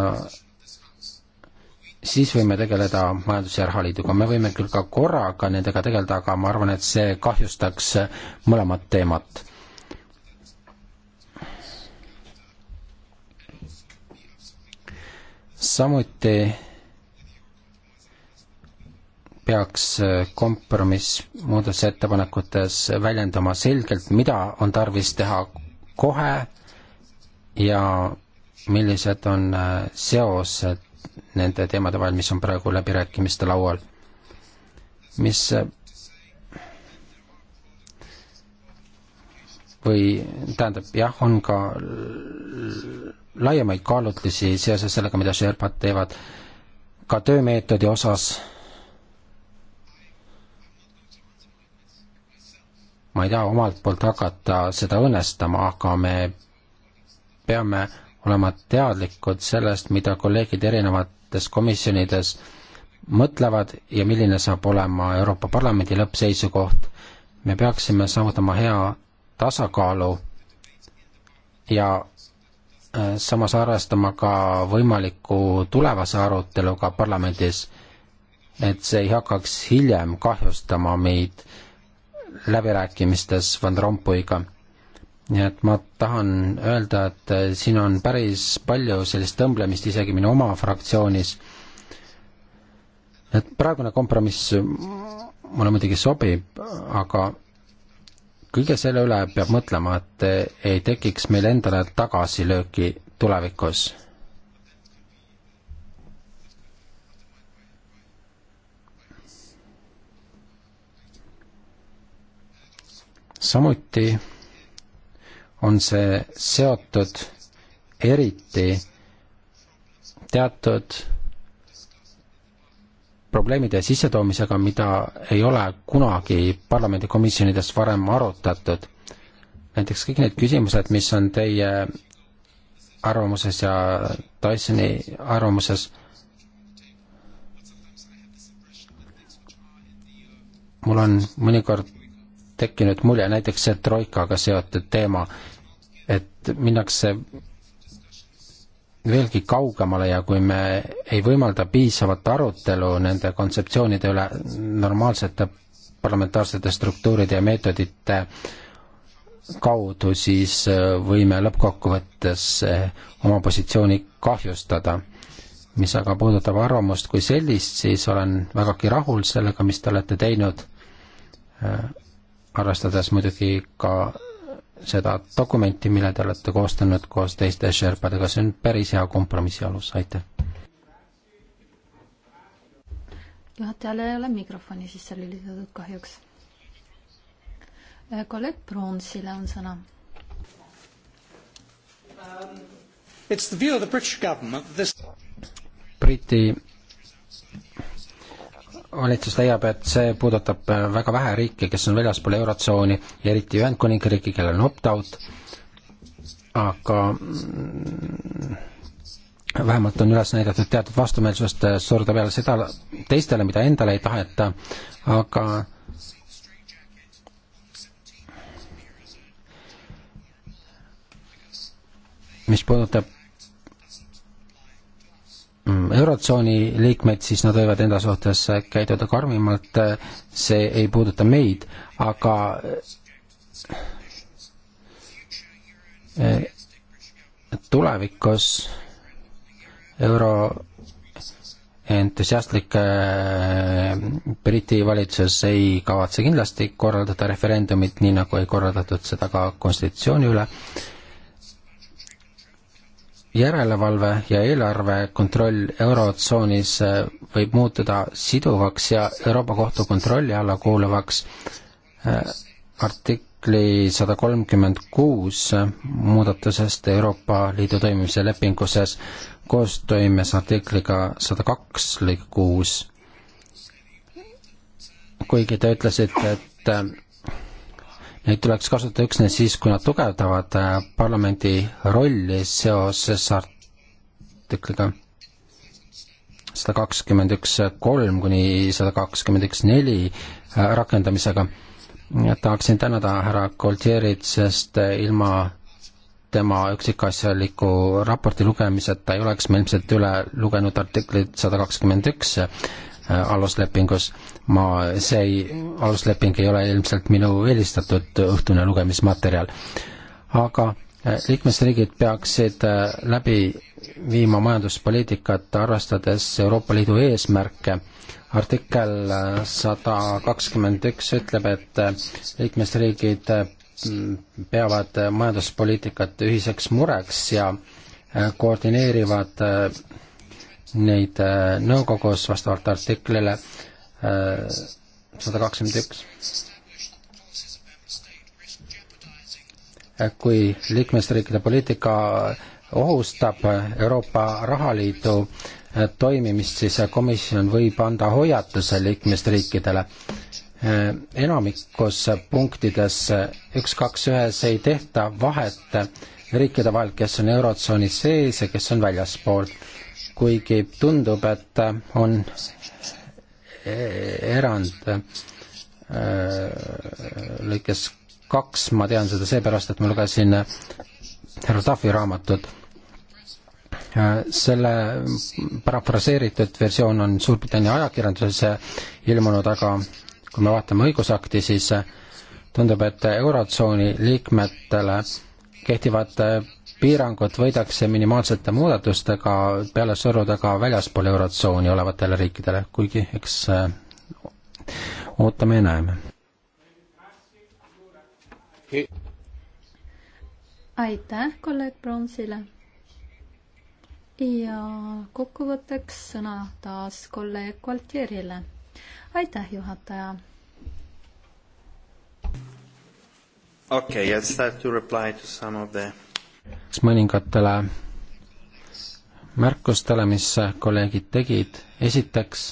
siis võime tegeleda majandus- ja rahaliiduga, me võime küll ka korraga nendega tegeleda, aga ma arvan, et see kahjustaks mõlemat teemat. samuti peaks kompromiss muudatusettepanekutes väljendama selgelt, mida on tarvis teha kohe ja millised on seosed nende teemade vahel, mis on praegu läbirääkimiste laual. mis või tähendab, jah, on ka laiemaid kaalutlusi seoses sellega, mida Sherpad teevad, ka töömeetodi osas. ma ei taha omalt poolt hakata seda õõnestama, aga me peame olema teadlikud sellest, mida kolleegid erinevates komisjonides mõtlevad ja milline saab olema Euroopa Parlamendi lõppseisukoht. me peaksime saavutama hea tasakaalu ja äh, samas arvestama ka võimaliku tulevase aruteluga parlamendis, et see ei hakkaks hiljem kahjustama meid läbirääkimistes Van Rompuyga nii et ma tahan öelda, et eh, siin on päris palju sellist tõmblemist isegi minu oma fraktsioonis. et praegune kompromiss mulle muidugi sobib, aga kõige selle üle peab mõtlema, et eh, ei tekiks meil endale tagasilööki tulevikus. samuti on see seotud eriti teatud probleemide sissetoomisega, mida ei ole kunagi parlamendikomisjonides varem arutatud. näiteks kõik need küsimused, mis on teie arvamuses ja Dysoni arvamuses, mul on mõnikord tekkinud mulje, näiteks see troikaga seotud teema, minnakse veelgi kaugemale ja kui me ei võimalda piisavat arutelu nende kontseptsioonide üle normaalsete parlamentaarsete struktuuride ja meetodite kaudu, siis äh, võime lõppkokkuvõttes äh, oma positsiooni kahjustada. mis aga puudutab arvamust kui sellist, siis olen vägagi rahul sellega, mis te olete teinud, äh, arvestades muidugi ka seda dokumenti, mille te olete koostanud koos teiste Sherpadega, see on päris hea kompromissi alus, aitäh. juhatajal ei ole mikrofoni sisse lülitatud kahjuks. Äh, kolleeg Bronsile on sõna um,. This... Briti valitsus leiab, et see puudutab äh, väga vähe riike, kes on väljaspool Eurotsooni ja eriti Ühendkuningriiki, kellel on opt-out, aga mm, vähemalt on üles näidatud teatud vastumeelsust äh, surda peale seda teistele, mida endale ei taheta, aga mis puudutab Mm, Eurotsooni liikmed, siis nad võivad enda suhtes käituda karmimalt, see ei puuduta meid, aga eh, tulevikus euro entusiastlik eh, Briti valitsus ei kavatse kindlasti korraldada referendumit, nii nagu ei korraldatud seda ka konstitutsiooni üle, järelevalve ja eelarve kontroll Eurotsoonis äh, võib muutuda siduvaks ja Euroopa Kohtu kontrolli alla kuuluvaks äh, artikli sada kolmkümmend kuus äh, muudatusest Euroopa Liidu toimimise lepinguses koostoimes artikliga sada kaks lõik kuus. kuigi te ütlesite, et Neid tuleks kasutada üksnes siis, kui nad tugevdavad äh, parlamendi rolli seoses artikliga sada kakskümmend üks kolm kuni sada kakskümmend üks neli äh, rakendamisega. tahaksin tänada härra Koltjerit, sest äh, ilma tema üksikasjaliku raporti lugemiseta ei oleks me ilmselt üle lugenud artiklit sada kakskümmend üks Äh, aluslepingus. ma, see ei, alusleping ei ole ilmselt minu eelistatud õhtune lugemismaterjal. aga äh, liikmesriigid peaksid äh, läbi viima majanduspoliitikat, arvestades Euroopa Liidu eesmärke. artikkel sada kakskümmend üks ütleb, et liikmesriigid peavad majanduspoliitikat ühiseks mureks ja koordineerivad neid äh, nõukogus vastavalt artiklile äh, sada kakskümmend üks. Äh, kui liikmesriikide poliitika ohustab Euroopa Rahaliidu toimimist, siis komisjon võib anda hoiatuse liikmesriikidele. enamikus punktides üks, kaks, ühes ei tehta vahet riikide vahel, kes on Eurotsooni sees ja kes on väljaspool kuigi tundub, et on e, erand e, lõikes kaks, ma tean seda seepärast, et ma lugesin e, härra Tafi raamatut. selle parafraseeritud versioon on Suurbritannia ajakirjanduses ilmunud, aga kui me vaatame õigusakti, siis tundub, et Eurotsooni liikmetele kehtivad piirangud võidakse minimaalsete muudatustega peale suruda ka väljaspool Eurotsooni olevatele riikidele, kuigi eks äh, ootame ja näeme. aitäh kolleeg Bronsile. ja kokkuvõtteks sõna taas kolleeg Gualtierile. aitäh, juhataja. okei okay,, I start to reply to some of the mõningatele märkustele, mis kolleegid tegid, esiteks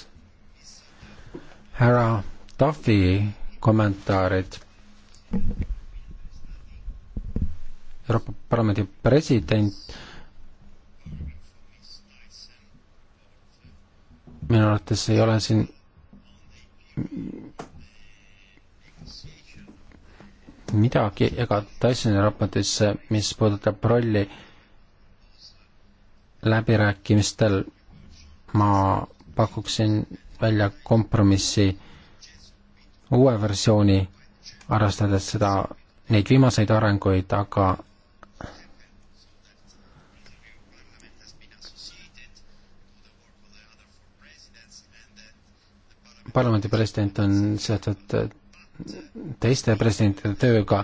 härra Tafi kommentaarid. Euroopa Parlamendi president minu arvates ei ole siin midagi ega Dysoni raportisse, mis puudutab rolli läbirääkimistel. ma pakuksin välja kompromissi uue versiooni, arvestades seda, neid viimaseid arenguid, aga parlamendi president on seotud teiste presidentide tööga.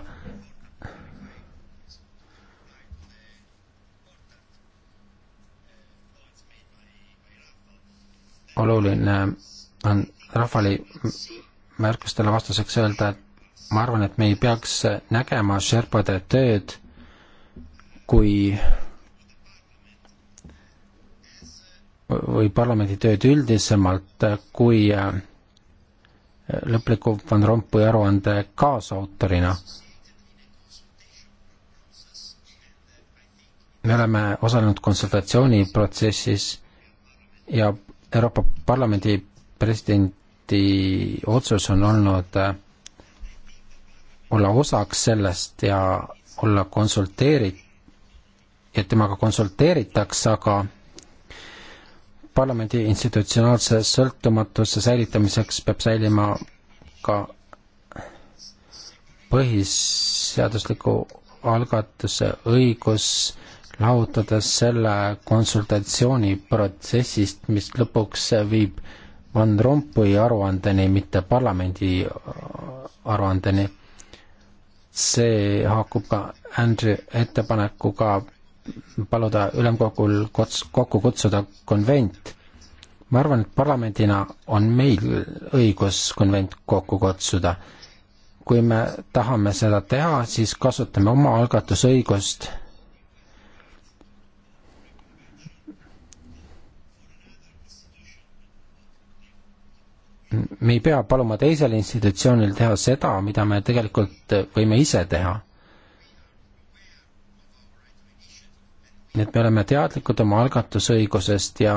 oluline on rahvali märkustele vastuseks öelda, et ma arvan, et me ei peaks nägema Sherpade tööd kui või parlamendi tööd üldisemalt kui lõpliku Van Rompuy aruande kaasautorina. me oleme osalenud konsultatsiooniprotsessis ja Euroopa Parlamendi presidendi otsus on olnud äh, olla osaks sellest ja olla konsulteeri-, et temaga konsulteeritakse, aga parlamendi institutsionaalse sõltumatuse säilitamiseks peab säilima ka põhiseadusliku algatuse õigus lahutades selle konsultatsiooniprotsessist, mis lõpuks viib Van Rompuy aruandeni, mitte parlamendi aruandeni. see haakub ka Andrew ettepanekuga paluda ülemkogul kots-, kokku kutsuda konvent. ma arvan, et parlamendina on meil õigus konvent kokku kutsuda. kui me tahame seda teha, siis kasutame oma algatusõigust me ei pea paluma teisel institutsioonil teha seda, mida me tegelikult võime ise teha. nii et me oleme teadlikud oma algatusõigusest ja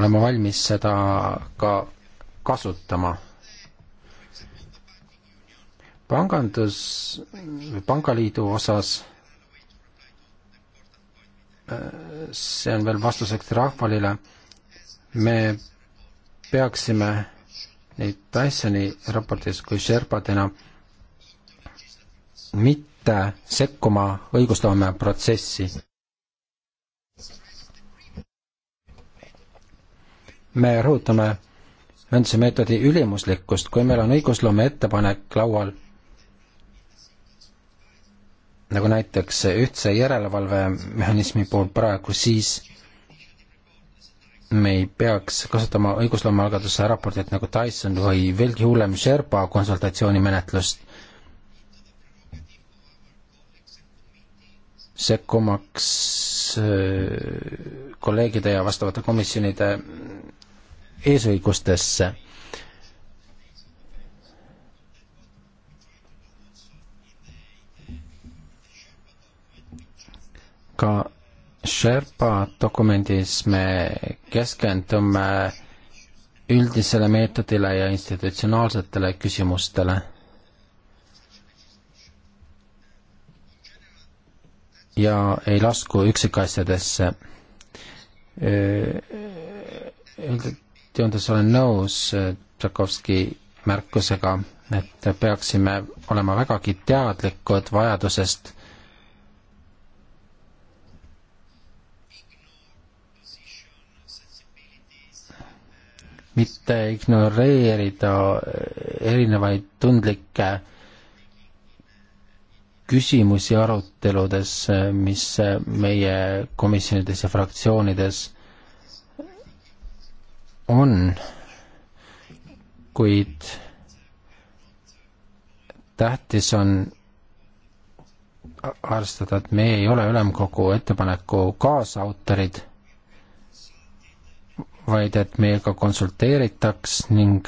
oleme valmis seda ka kasutama. pangandus, pangaliidu osas see on veel vastuseks rahvalile, me peaksime neid Dysoni raportis kui Sherpadena mitte sekkuma õigusloome protsessi me rõhutame mõnduse meetodi ülimuslikkust, kui meil on õigusloome ettepanek laual, nagu näiteks ühtse järelevalvemehhanismi puhul praegu, siis me ei peaks kasutama õigusloomealgatuse raportit nagu Tyson või veelgi hullem Sherpa konsultatsioonimenetlust, sekkumaks äh, kolleegide ja vastavate komisjonide eesõigustesse. ka Sherpa dokumendis me keskendume üldisele meetodile ja institutsionaalsetele küsimustele. ja ei lasku üksikasjadesse. Üld-, üldjoontes olen nõus äh, Tšaikovski märkusega, et peaksime olema vägagi teadlikud vajadusest mitte ignoreerida äh, erinevaid tundlikke küsimusi aruteludes, äh, mis meie komisjonides ja fraktsioonides on, kuid tähtis on arvestada, et me ei ole ülemkogu ettepaneku kaasautorid, vaid et meiega konsulteeritaks ning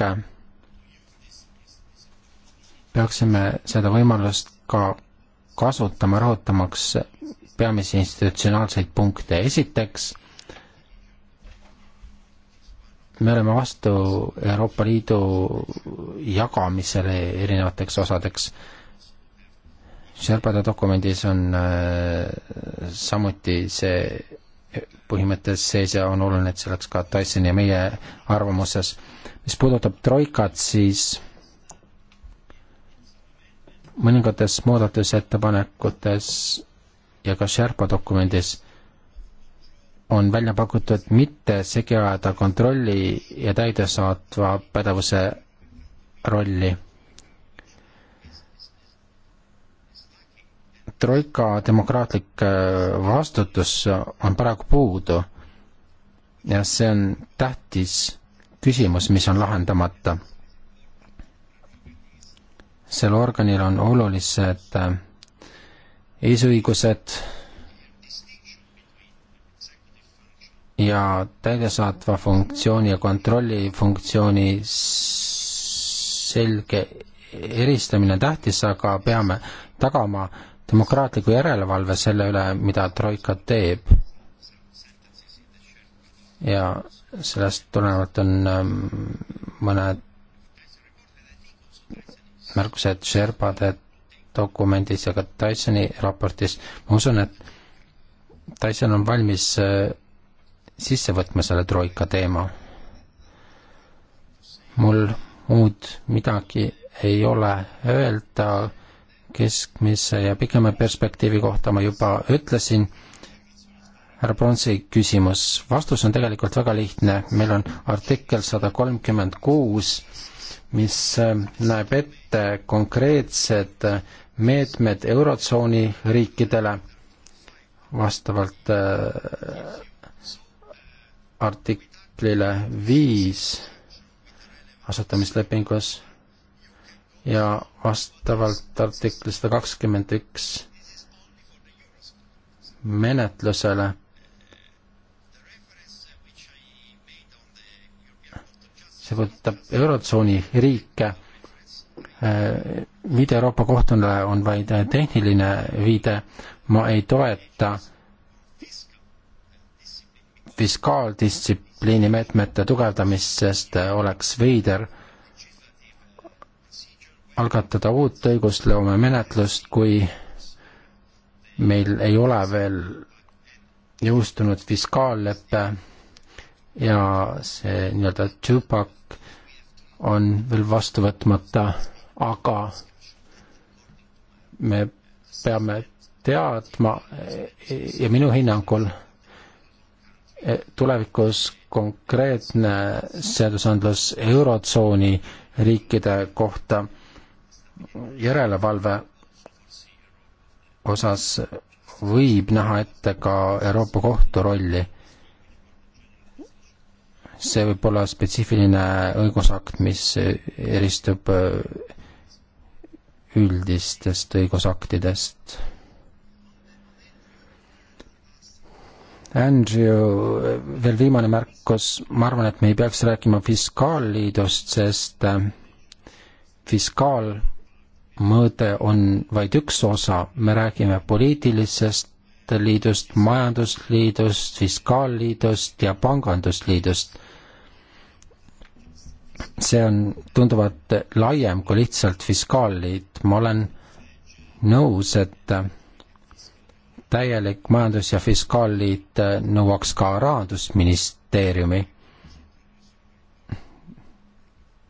peaksime seda võimalust ka kasutama, rõhutamaks peamisi institutsionaalseid punkte. esiteks, me oleme vastu Euroopa Liidu jagamisele erinevateks osadeks. Sherpade dokumendis on äh, samuti see põhimõttes sees ja on oluline, et see oleks ka Tysoni ja meie arvamuses. mis puudutab troikat, siis mõningates muudatusettepanekutes ja ka Sherpa dokumendis on välja pakutud mitte segi ajada kontrolli ja täidesaatva pädevuse rolli. troika demokraatlik äh, vastutus on paraku puudu ja see on tähtis küsimus, mis on lahendamata. sel organil on olulised äh, eesõigused ja täidesaatva funktsiooni ja kontrolli funktsiooni selge eristamine on tähtis, aga peame tagama demokraatliku järelevalve selle üle, mida Troika teeb. ja sellest tulenevalt on ähm, mõned märkused Sherbade dokumendis ja ka Dysoni raportis, ma usun, et Dyson on valmis äh, sisse võtma selle troika teema. mul muud midagi ei ole öelda keskmise ja pikema perspektiivi kohta ma juba ütlesin, härra Pronsi küsimus, vastus on tegelikult väga lihtne, meil on artikkel sada kolmkümmend kuus, mis äh, näeb ette konkreetsed meetmed Eurotsooni riikidele vastavalt äh, artiklile viis asutamislepingus ja vastavalt artikli sada kakskümmend üks menetlusele see puudutab Eurotsooni riike, viide äh, Euroopa kohtunule on vaid tehniline viide, ma ei toeta äh, fiskaaldistsipliini meetmete tugevdamist, sest äh, oleks veider algatada uut õigusloome menetlust, kui meil ei ole veel jõustunud fiskaallepe ja see nii-öelda tšupak on veel vastu võtmata, aga me peame teadma ja minu hinnangul E, tulevikus konkreetne seadusandlus Eurotsooni riikide kohta järelevalve osas võib näha ette ka Euroopa Kohtu rolli. see võib olla spetsiifiline õigusakt, mis eristub üldistest õigusaktidest Andrew, veel viimane märkus, ma arvan, et me ei peaks rääkima fiskaalliidust, sest äh, fiskaalmõõde on vaid üks osa, me räägime poliitilisest liidust, majandusliidust, fiskaalliidust ja pangandusliidust. see on tunduvalt laiem kui lihtsalt fiskaalliit, ma olen nõus, et äh, täielik majandus- ja fiskaalliit eh, nõuaks ka rahandusministeeriumi,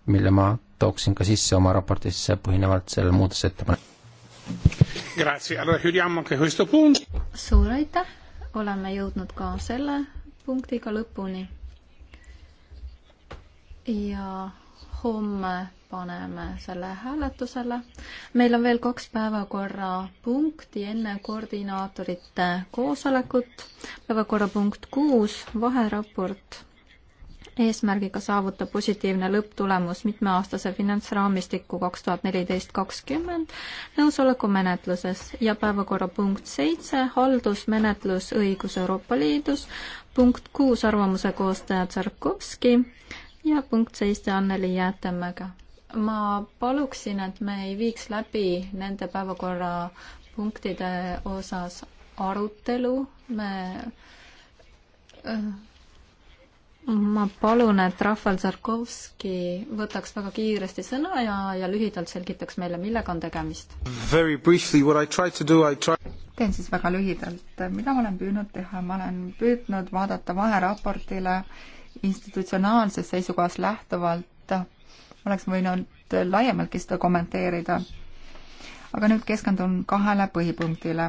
mille ma tooksin ka sisse oma raportisse põhinevalt sellele muudatusettepanekule. suur aitäh, oleme jõudnud ka selle punktiga lõpuni. ja homme paneme selle hääletusele. meil on veel kaks päevakorrapunkti enne koordinaatorite koosolekut. päevakorrapunkt kuus, vaheraport eesmärgiga saavuta positiivne lõpptulemus mitmeaastase finantsraamistiku kaks tuhat neliteist kakskümmend nõusolekumenetluses ja päevakorrapunkt seitse, haldusmenetlus õigus Euroopa Liidus, punkt kuus, arvamuse koostaja Tsarkovski ja punkt seitse Anneli Jäätemäge ma paluksin, et me ei viiks läbi nende päevakorrapunktide osas arutelu, me äh, ma palun, et Rafal Tsarkovski võtaks väga kiiresti sõna ja, ja lühidalt selgitaks meile, millega on tegemist. teen siis väga lühidalt, mida ma olen püüdnud teha, ma olen püüdnud vaadata vaheraportile institutsionaalsest seisukohast lähtuvalt oleks võinud laiemaltki seda kommenteerida. aga nüüd keskendun kahele põhipunktile.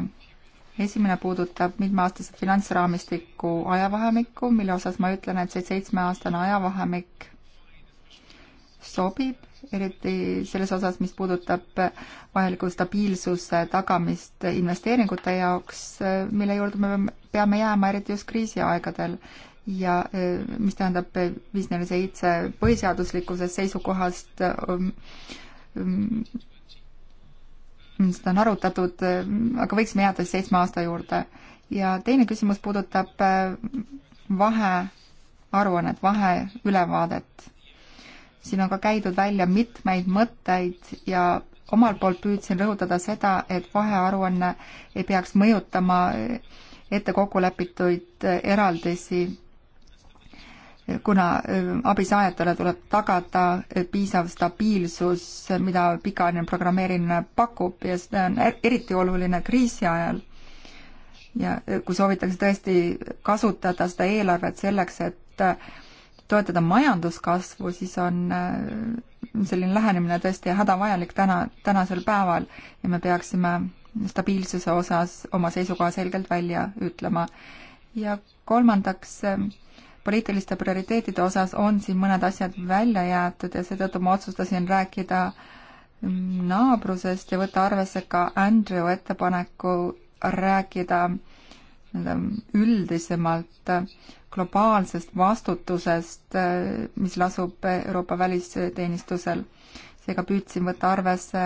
esimene puudutab mitmeaastase finantsraamistiku ajavahemikku, mille osas ma ütlen, et see seitsmeaastane ajavahemik sobib, eriti selles osas, mis puudutab vajaliku stabiilsuse tagamist investeeringute jaoks, mille juurde me peame jääma eriti just kriisiaegadel ja e, mis tähendab e, viisnevi seitse põhiseaduslikkuse seisukohast, e, seda on arutatud, aga võiksime jääda siis seitsme aasta juurde. ja teine küsimus puudutab vahearuannet, vaheülevaadet. siin on ka käidud välja mitmeid mõtteid ja omalt poolt püüdsin rõhutada seda, et vahearuanne ei peaks mõjutama ette kokku lepituid eraldisi kuna abisaajatele tuleb tagada äh, piisav stabiilsus, mida pikaajaline programmeerimine pakub ja seda on eriti oluline kriisi ajal. ja kui soovitakse tõesti kasutada seda eelarvet selleks, et äh, toetada majanduskasvu, siis on äh, selline lähenemine tõesti hädavajalik täna, tänasel päeval ja me peaksime stabiilsuse osas oma seisukoha selgelt välja ütlema. ja kolmandaks poliitiliste prioriteetide osas on siin mõned asjad välja jäetud ja seetõttu ma otsustasin rääkida naabrusest ja võtta arvesse ka Andrew ettepaneku rääkida nii-öelda üldisemalt globaalsest vastutusest, mis lasub Euroopa välisteenistusel. seega püüdsin võtta arvesse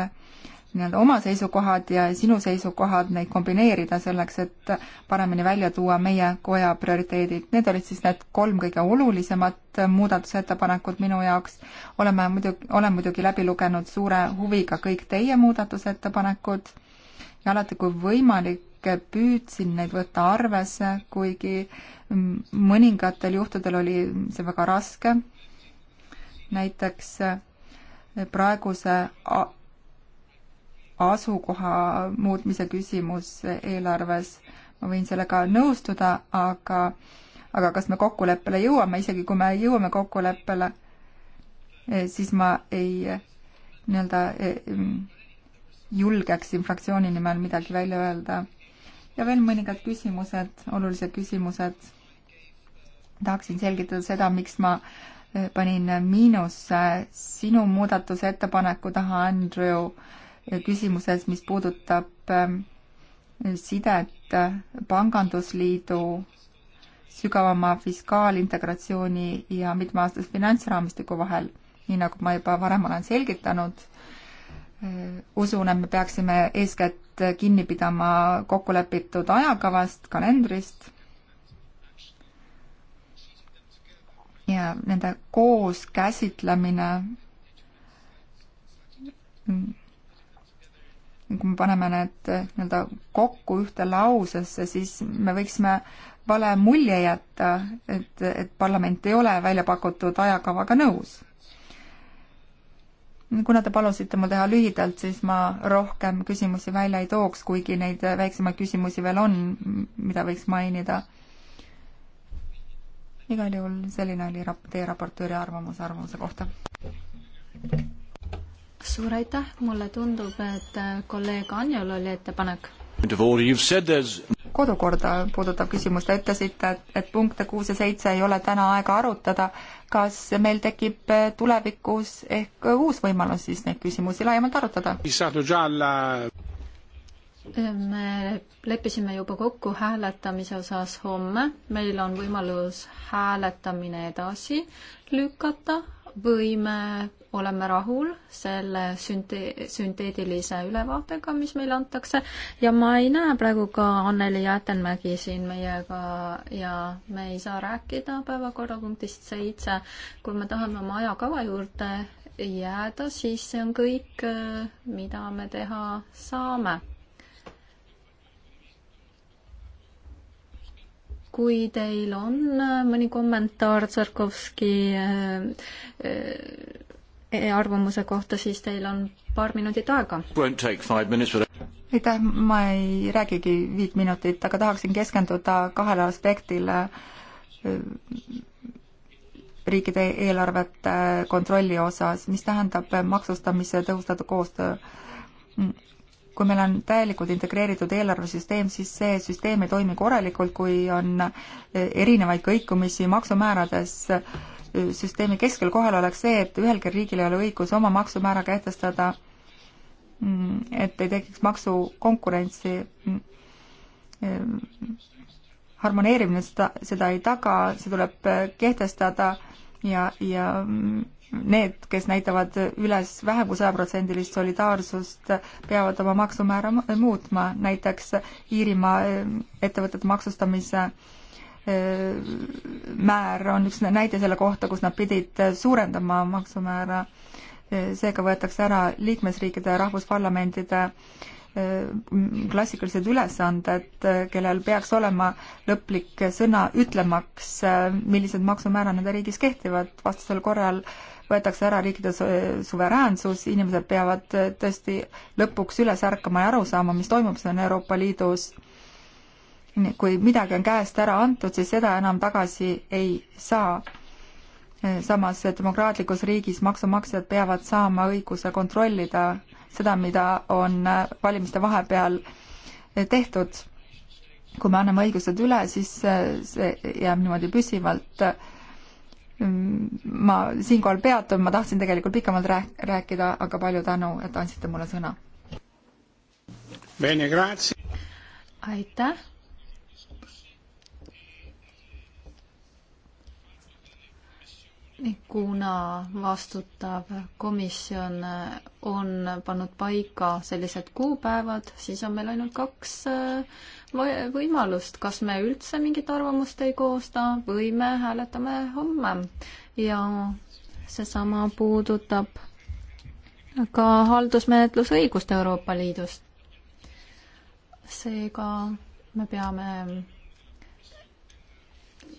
nii-öelda oma seisukohad ja sinu seisukohad, neid kombineerida selleks, et paremini välja tuua meie koja prioriteedid. Need olid siis need kolm kõige olulisemat muudatusettepanekut minu jaoks. oleme muidugi, olen muidugi läbi lugenud suure huviga kõik teie muudatusettepanekud ja alati, kui võimalik, püüdsin neid võtta arvesse, kuigi mm, mõningatel juhtudel oli see väga raske. näiteks eh, praeguse asukoha muutmise küsimus eelarves. ma võin sellega nõustuda, aga, aga kas me kokkuleppele jõuame, isegi kui me jõuame kokkuleppele, eh, siis ma ei nii-öelda eh, mm, julgeksin fraktsiooni nimel midagi välja öelda. ja veel mõningad küsimused, olulised küsimused. tahaksin selgitada seda, miks ma eh, panin miinusse sinu muudatusettepaneku taha, Andrew äh, küsimuses, mis puudutab ähm, sidet äh, pangandusliidu sügavama fiskaalintegratsiooni ja mitmeaastase finantsraamistiku vahel, nii nagu ma juba varem olen selgitanud, äh, usun, et me peaksime eeskätt kinni pidama kokkulepitud ajakavast, kalendrist ja nende koos käsitlemine mm, kui me paneme need eh, nii-öelda kokku ühte lausesse, siis me võiksime vale mulje jätta, et, et parlament ei ole välja pakutud ajakavaga nõus. kuna te palusite mul teha lühidalt, siis ma rohkem küsimusi välja ei tooks, kuigi neid väiksemaid küsimusi veel on, mida võiks mainida. igal juhul selline oli rap-, teie raportööri arvamus arvamuse kohta suur aitäh, mulle tundub, et äh, kolleeg Anjol oli ettepanek. kodukorda puudutav küsimus, te ütlesite, et, et punkte kuus ja seitse ei ole täna aega arutada. kas meil tekib äh, tulevikus ehk äh, uus võimalus siis neid küsimusi laiemalt arutada? me leppisime juba kokku hääletamise osas homme, meil on võimalus hääletamine edasi lükata, või me oleme rahul selle sünte-, sünteetilise ülevaatega, mis meile antakse ja ma ei näe praegu ka Anneli Jäätenmägi siin meiega ja me ei saa rääkida päevakorrapunktist seitse. kui me tahame oma ajakava juurde jääda, siis see on kõik, mida me teha saame kui teil on äh, mõni kommentaar Tsarkovski äh, äh, arvamuse kohta, siis teil on paar minutit aega. aitäh, ma ei räägigi viit minutit, aga tahaksin keskenduda kahele aspektile riikide eelarvete kontrolli osas, mis tähendab maksustamise tõhustatud koostöö kui meil on täielikult integreeritud eelarvesüsteem, siis see süsteem ei toimi korralikult, kui on eh, erinevaid kõikumisi maksumäärades. süsteemi keskel kohal oleks see, et ühelgi riigil ei ole õigus oma maksumäära kehtestada, mm, et ei tekiks maksukonkurentsi. Mm, eh, harmoneerimine seda, seda ei taga, see tuleb eh, kehtestada ja, ja mm, need, kes näitavad üles vähem kui sajaprotsendilist solidaarsust, peavad oma maksumäära muutma, näiteks Iirimaa eh, ettevõtete maksustamise eh, määr on üks näide selle kohta, kus nad pidid eh, suurendama maksumäära. seega võetakse ära liikmesriikide ja rahvusparlamentide klassikalised ülesanded, kellel peaks olema lõplik sõna ütlemaks, millised maksumäärad nende riigis kehtivad, vastasel korral äh, võetakse ära riikide suveräänsus, inimesed peavad tõesti lõpuks üles ärkama ja aru saama, mis toimub siin Euroopa Liidus. kui midagi on käest ära antud, siis seda enam tagasi ei saa. samas demokraatlikus riigis maksumaksjad peavad saama õiguse kontrollida seda, mida on valimiste vahepeal tehtud kui me anname õigused üle, siis see jääb niimoodi püsivalt äh, Mm, ma siinkohal peatun, ma tahtsin tegelikult pikemalt rääk-, rääkida, aga palju tänu, et andsite mulle sõna. aitäh. kuna vastutav komisjon on pannud paika sellised kuupäevad, siis on meil ainult kaks äh, võimalust, kas me üldse mingit arvamust ei koosta või me hääletame homme. ja seesama puudutab ka haldusmenetlusõigust Euroopa Liidus. seega me peame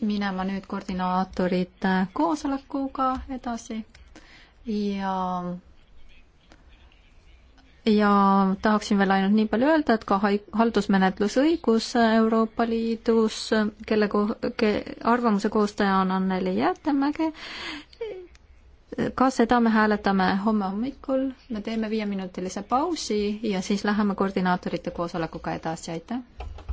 minema nüüd koordinaatorite koosolekuga edasi ja ja tahaksin veel ainult nii palju öelda, et ka haldusmenetlusõigus Euroopa Liidus, kelle ko-, ke-, arvamuse koostaja on Anneli Jäätemägi, ka seda me hääletame homme hommikul, me teeme viieminutilise pausi ja siis läheme koordinaatorite koosolekuga edasi, aitäh!